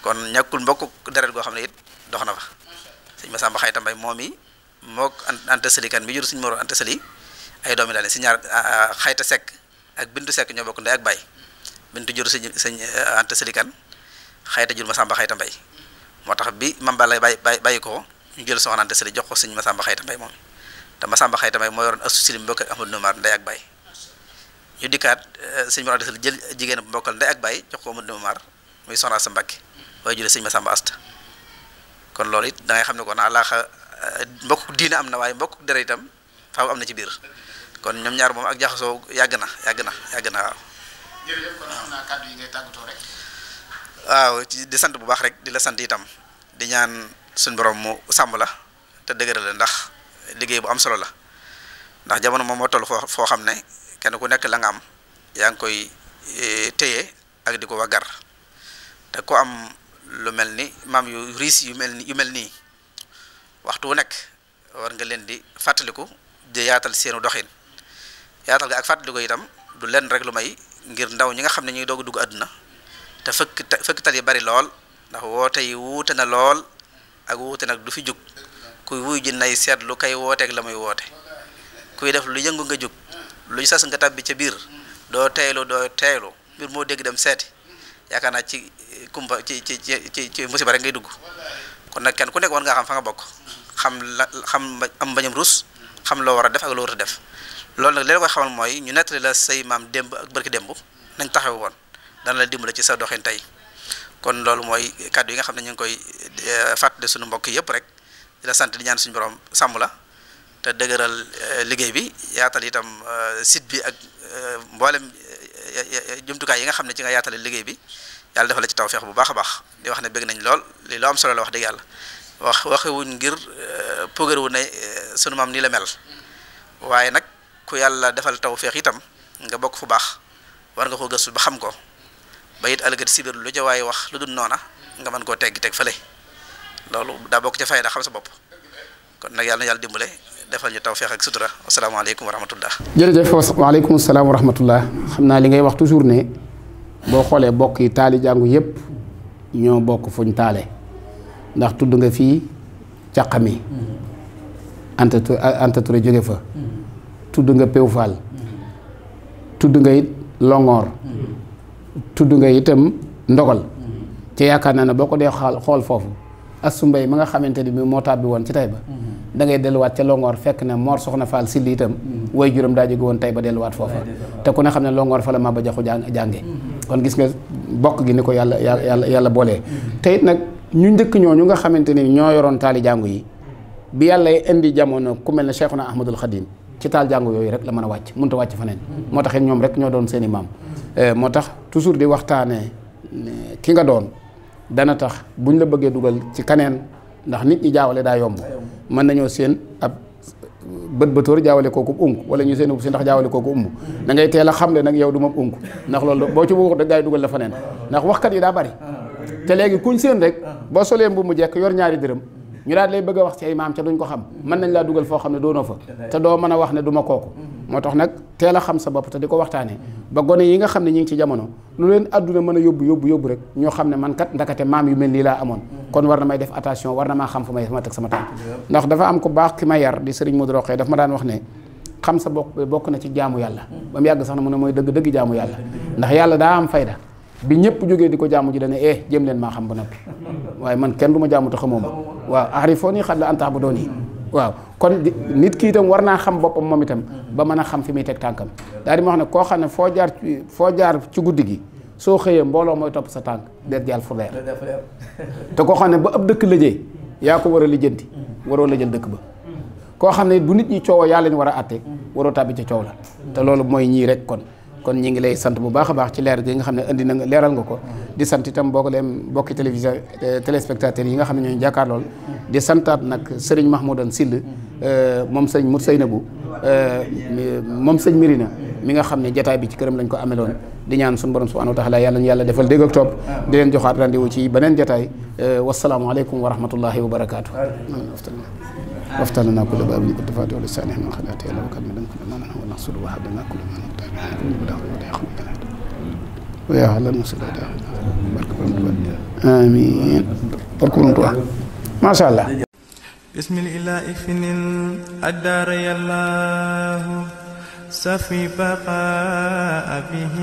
kon ñàkkul mbokk deret goo xam ne it dox na fa sëñ Masamba Xayta Mbay moom yi mook Anta Sali kan mi jur suñu moro Anta ay doomi daal si ñaar Xayta ak Bintu Sekk ñoo bokk ndey ak bàyyi Bintu jur sëñ sëñ Anta Sali kan Xayta jur Masamba Xayta Mbay moo tax bi Mamba lay bàyyi bàyyi ko ñu jël soxna Anta Sali jox ko sëñ Masamba Xayta Mbay moom te Masamba Xayta Mbay moo yoroon Asu Sill mu bokk ak Ahmadu Nomar ndey ak bay ñu dikkaat euh, sëñ Mor Anta jël jigéen bu mbokkal ndey ak bàyyi jox ko mu Mar muy soxna sa Mbàkke waaye jële sëñ Masamba Asta kon loolu it da xam ne kon alaaxa euh, mbokk diine am na waaye mbokk dere itam am na ci biir kon ñoom ñaar moom ak jaxasoo yàgg na yàgg na yàgg waaw. naa kàddu yi ngay di sant bu baax rek di la sant itam di ñaan suñu borom mu sàmm la te dëgëral ndax liggéey bu am solo la ndax jamono moom moo toll foo foo xam ne. kenn ku nekk la nga am yaa ngi koy eh, téye ak di ko wagar te ku am lu mel ni maam yu riis yu mel ni yu mel nii waxtu wu nekk war nga leen di fàttaliku di yaatal seenu doxin yaatal ga ak fàttaliku itam du leen rek lu may ngir ndaw ñi nga xam ne ñuy doog dugg àdduna te fëkk fëkk yi bari lool ndax woote yi wuute na lool ak wuute nag du fi jug kuy wuy ji nay seetlu kay wooteeg la muy woote kuy def lu yëngu nga jug luy sas nga tab bi ca biir doo teelu doo teelu mbir moo dégg dem seeti yaakaar naa ci eh, kumpa ci ci ci ci musiba rek ngay dugg kon nag kenn ku nekk war ngaa xam fa nga bokk xam la xam am bañam rus xam loo war a def ak loo a def loolu nag la koy mooy ñu nettali la say maam démb ak barki démb nañ taxaw woon dana la dimb la ci sa doxin tey kon loolu mooy kàddu yi nga xam ne ñu ngi koy eh, fàttali suñu mbokk yëpp rek di la sant di ñaan suñu borom sàmm la te dëgëral euh, liggéey bi yaatal itam euh, site bi ak euh, mboolem jumtukaay yi nga xam ne ci nga yaatale liggéey bi yàlla defal la ci tawfeex bu baax a baax di wax ne bëgg nañ lool li loo am solo la wax dëgg yàlla wax waxewuñ ngir pogar wu ne sunu maam nii la mel waaye nag ku yàlla defal taw feex itam nga bokk fu baax war nga ko gëstu ba xam ko ba it ëllëg si lu ca waaye wax lu dul noona nga mën koo teggi teg fële loolu daa bokk ca fayda xam sa bopp kon nag yàlla yàlla dimbale defal ñu tawféex ak sutura asalaamaaleykum wa rahmatullah. jërëjëf waaleykum salaam wa rahmatullah xam naa li ngay wax toujours ne boo xoolee bokk yi taali jàngu yépp ñoo bokk fuñ taale ndax tudd nga fii caqami Anta Touré Anta Touré jóge fa tudd nga Pew Fall tudd nga it Longoor tudd nga itam ndogal te yaakaar naa ne boo ko dee xaal xool foofu Assou Mbaye ma nga xamante ni bii moo tàbbi woon ci Taïba mm-hmm. da ngay delluwaat ca Longoor fekk na ne Mor Soxna Fall Syll itam mm-hmm. way juróom daa jóge woon ba delluwaat foofa te ku ne xam ne Longoor fa la Maba Jaxu jànge mm-hmm. kon gis nga bokk gi ni ko yàlla yàlla yàlla boolee te nag ñu njëkk ñoo ñu nga xamante ni ñoo yoroon taali jàngu yi bi yàlla indi jamono ku mel ne Cheikhuna Ahmadul Khadim ci taal jàngu yooyu rek la mën a wàcc mun mënta wàcc feneen moo tax ñoom rek ñoo doon seeni maam eh, moo tax toujours di waxtaanee eh, ki nga doon dana tax buñ la bëggee dugal ci kaneen ndax nit ñi jaawale daa yomb mën nañoo seen ab bët bëtóor jaawale kooku unk wala ñu seen ub si ndax jaawale kooku umb mm-hmm. da ngay teel a xamle nag yow du ma unk ndax loolu boo ci wax da gaay dugal la faneen ndax waxkat yi daa bari ah. te léegi kuñ seen rek ah. boo solee mbu mu jekk yor ñaari dërëm ñu daal lay bëgg wax ci ay maam ca duñ ko xam mën nañ laa dugal foo xam ne doonoo fa te doo mën a wax ne duma ma kooku moo tax nag teel a xam sa bopp te di ko waxtaanee ba gone yi nga xam ne ñi ngi ci jamono lu leen àdduna mën a yóbbu yóbbu yóbbu rek ñoo xam ne man kat ndakate maam yu mel nii laa amoon kon war na may def attention war na maa xam fu may sama teg sama tànk ndax dafa am ku baax yar di sëriñ Modou Rokhaya ma daan wax ne xam sa bopp bokk na ci jaamu yàlla ba mu yàgg sax na mu ne mooy dëgg dëgg jaamu yàlla ndax yàlla daa am fayda bi ñëpp jógee di ko jaamu ji dana eh jéem leen maa xam ba noppi waaye man kenn du ma jaamu te moom ma waaw aarifoo nii xat la antax bu doon yi waaw kon nit kii tam war naa xam boppam moom itam ba mën a xam fi muy teg tànkam daal di ma wax ne koo xam ne foo jaar foo jaar ci guddi gi soo xëyee mbooloo mooy topp sa tànk der jàll fu leer te koo xam ne ba ab dëkk lëjee yaa ko war a lijjanti waroo lëjal dëkk ba koo xam ne bu nit ñi coowoo yaa leen war a àtte waroo tàbbi ca coow la te loolu mooy ñii rek kon kon ñi ngi lay sant bu baax a baax ci leer gi nga xam ne indi na nga leeral nga ko mm-hmm. di sant itam tam ko leen bokki télévision euh, téléspectateurs yi nga xam ne ñooy jàkkaarlool mm-hmm. di santaat nag sëriñ Mahmoudan Sill mm-hmm. euh, moom sëñ Mur Seynabu euh, moom sëñ Mirina mi nga xam ne jataay bi ci këram lañ ko ameloon di ñaan suñu borom subhanahu wa taala yàlla ñu yàlla defal dégg ak topp di leen joxaat rendez-vous ci beneen jataay wasalaamualeykum wa rahmatullahi wa barakaatu. وافتح لنا كل باب بالدفاع ولسانه من خلاتي لو كان من كل ما نحن ونحصل وهب لنا كل ما نحتاج ولا يخلو بلاد ويا على المسلمين بارك امين بارك ما شاء الله بسم الاله فن الدار يا الله سفي بقاء به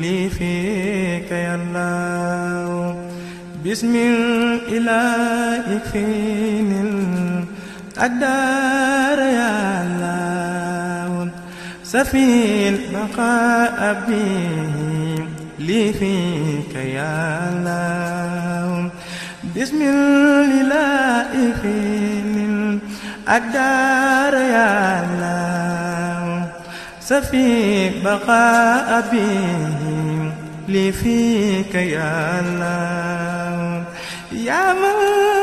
لي فيك يا الله بسم الاله فن الدار يا الله سفي البقاء به لي فيك يا الله بسم الله في الدار يا الله سفي بقاء به لي فيك يا الله يا من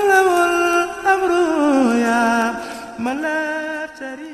له الأمر يا من لا تريد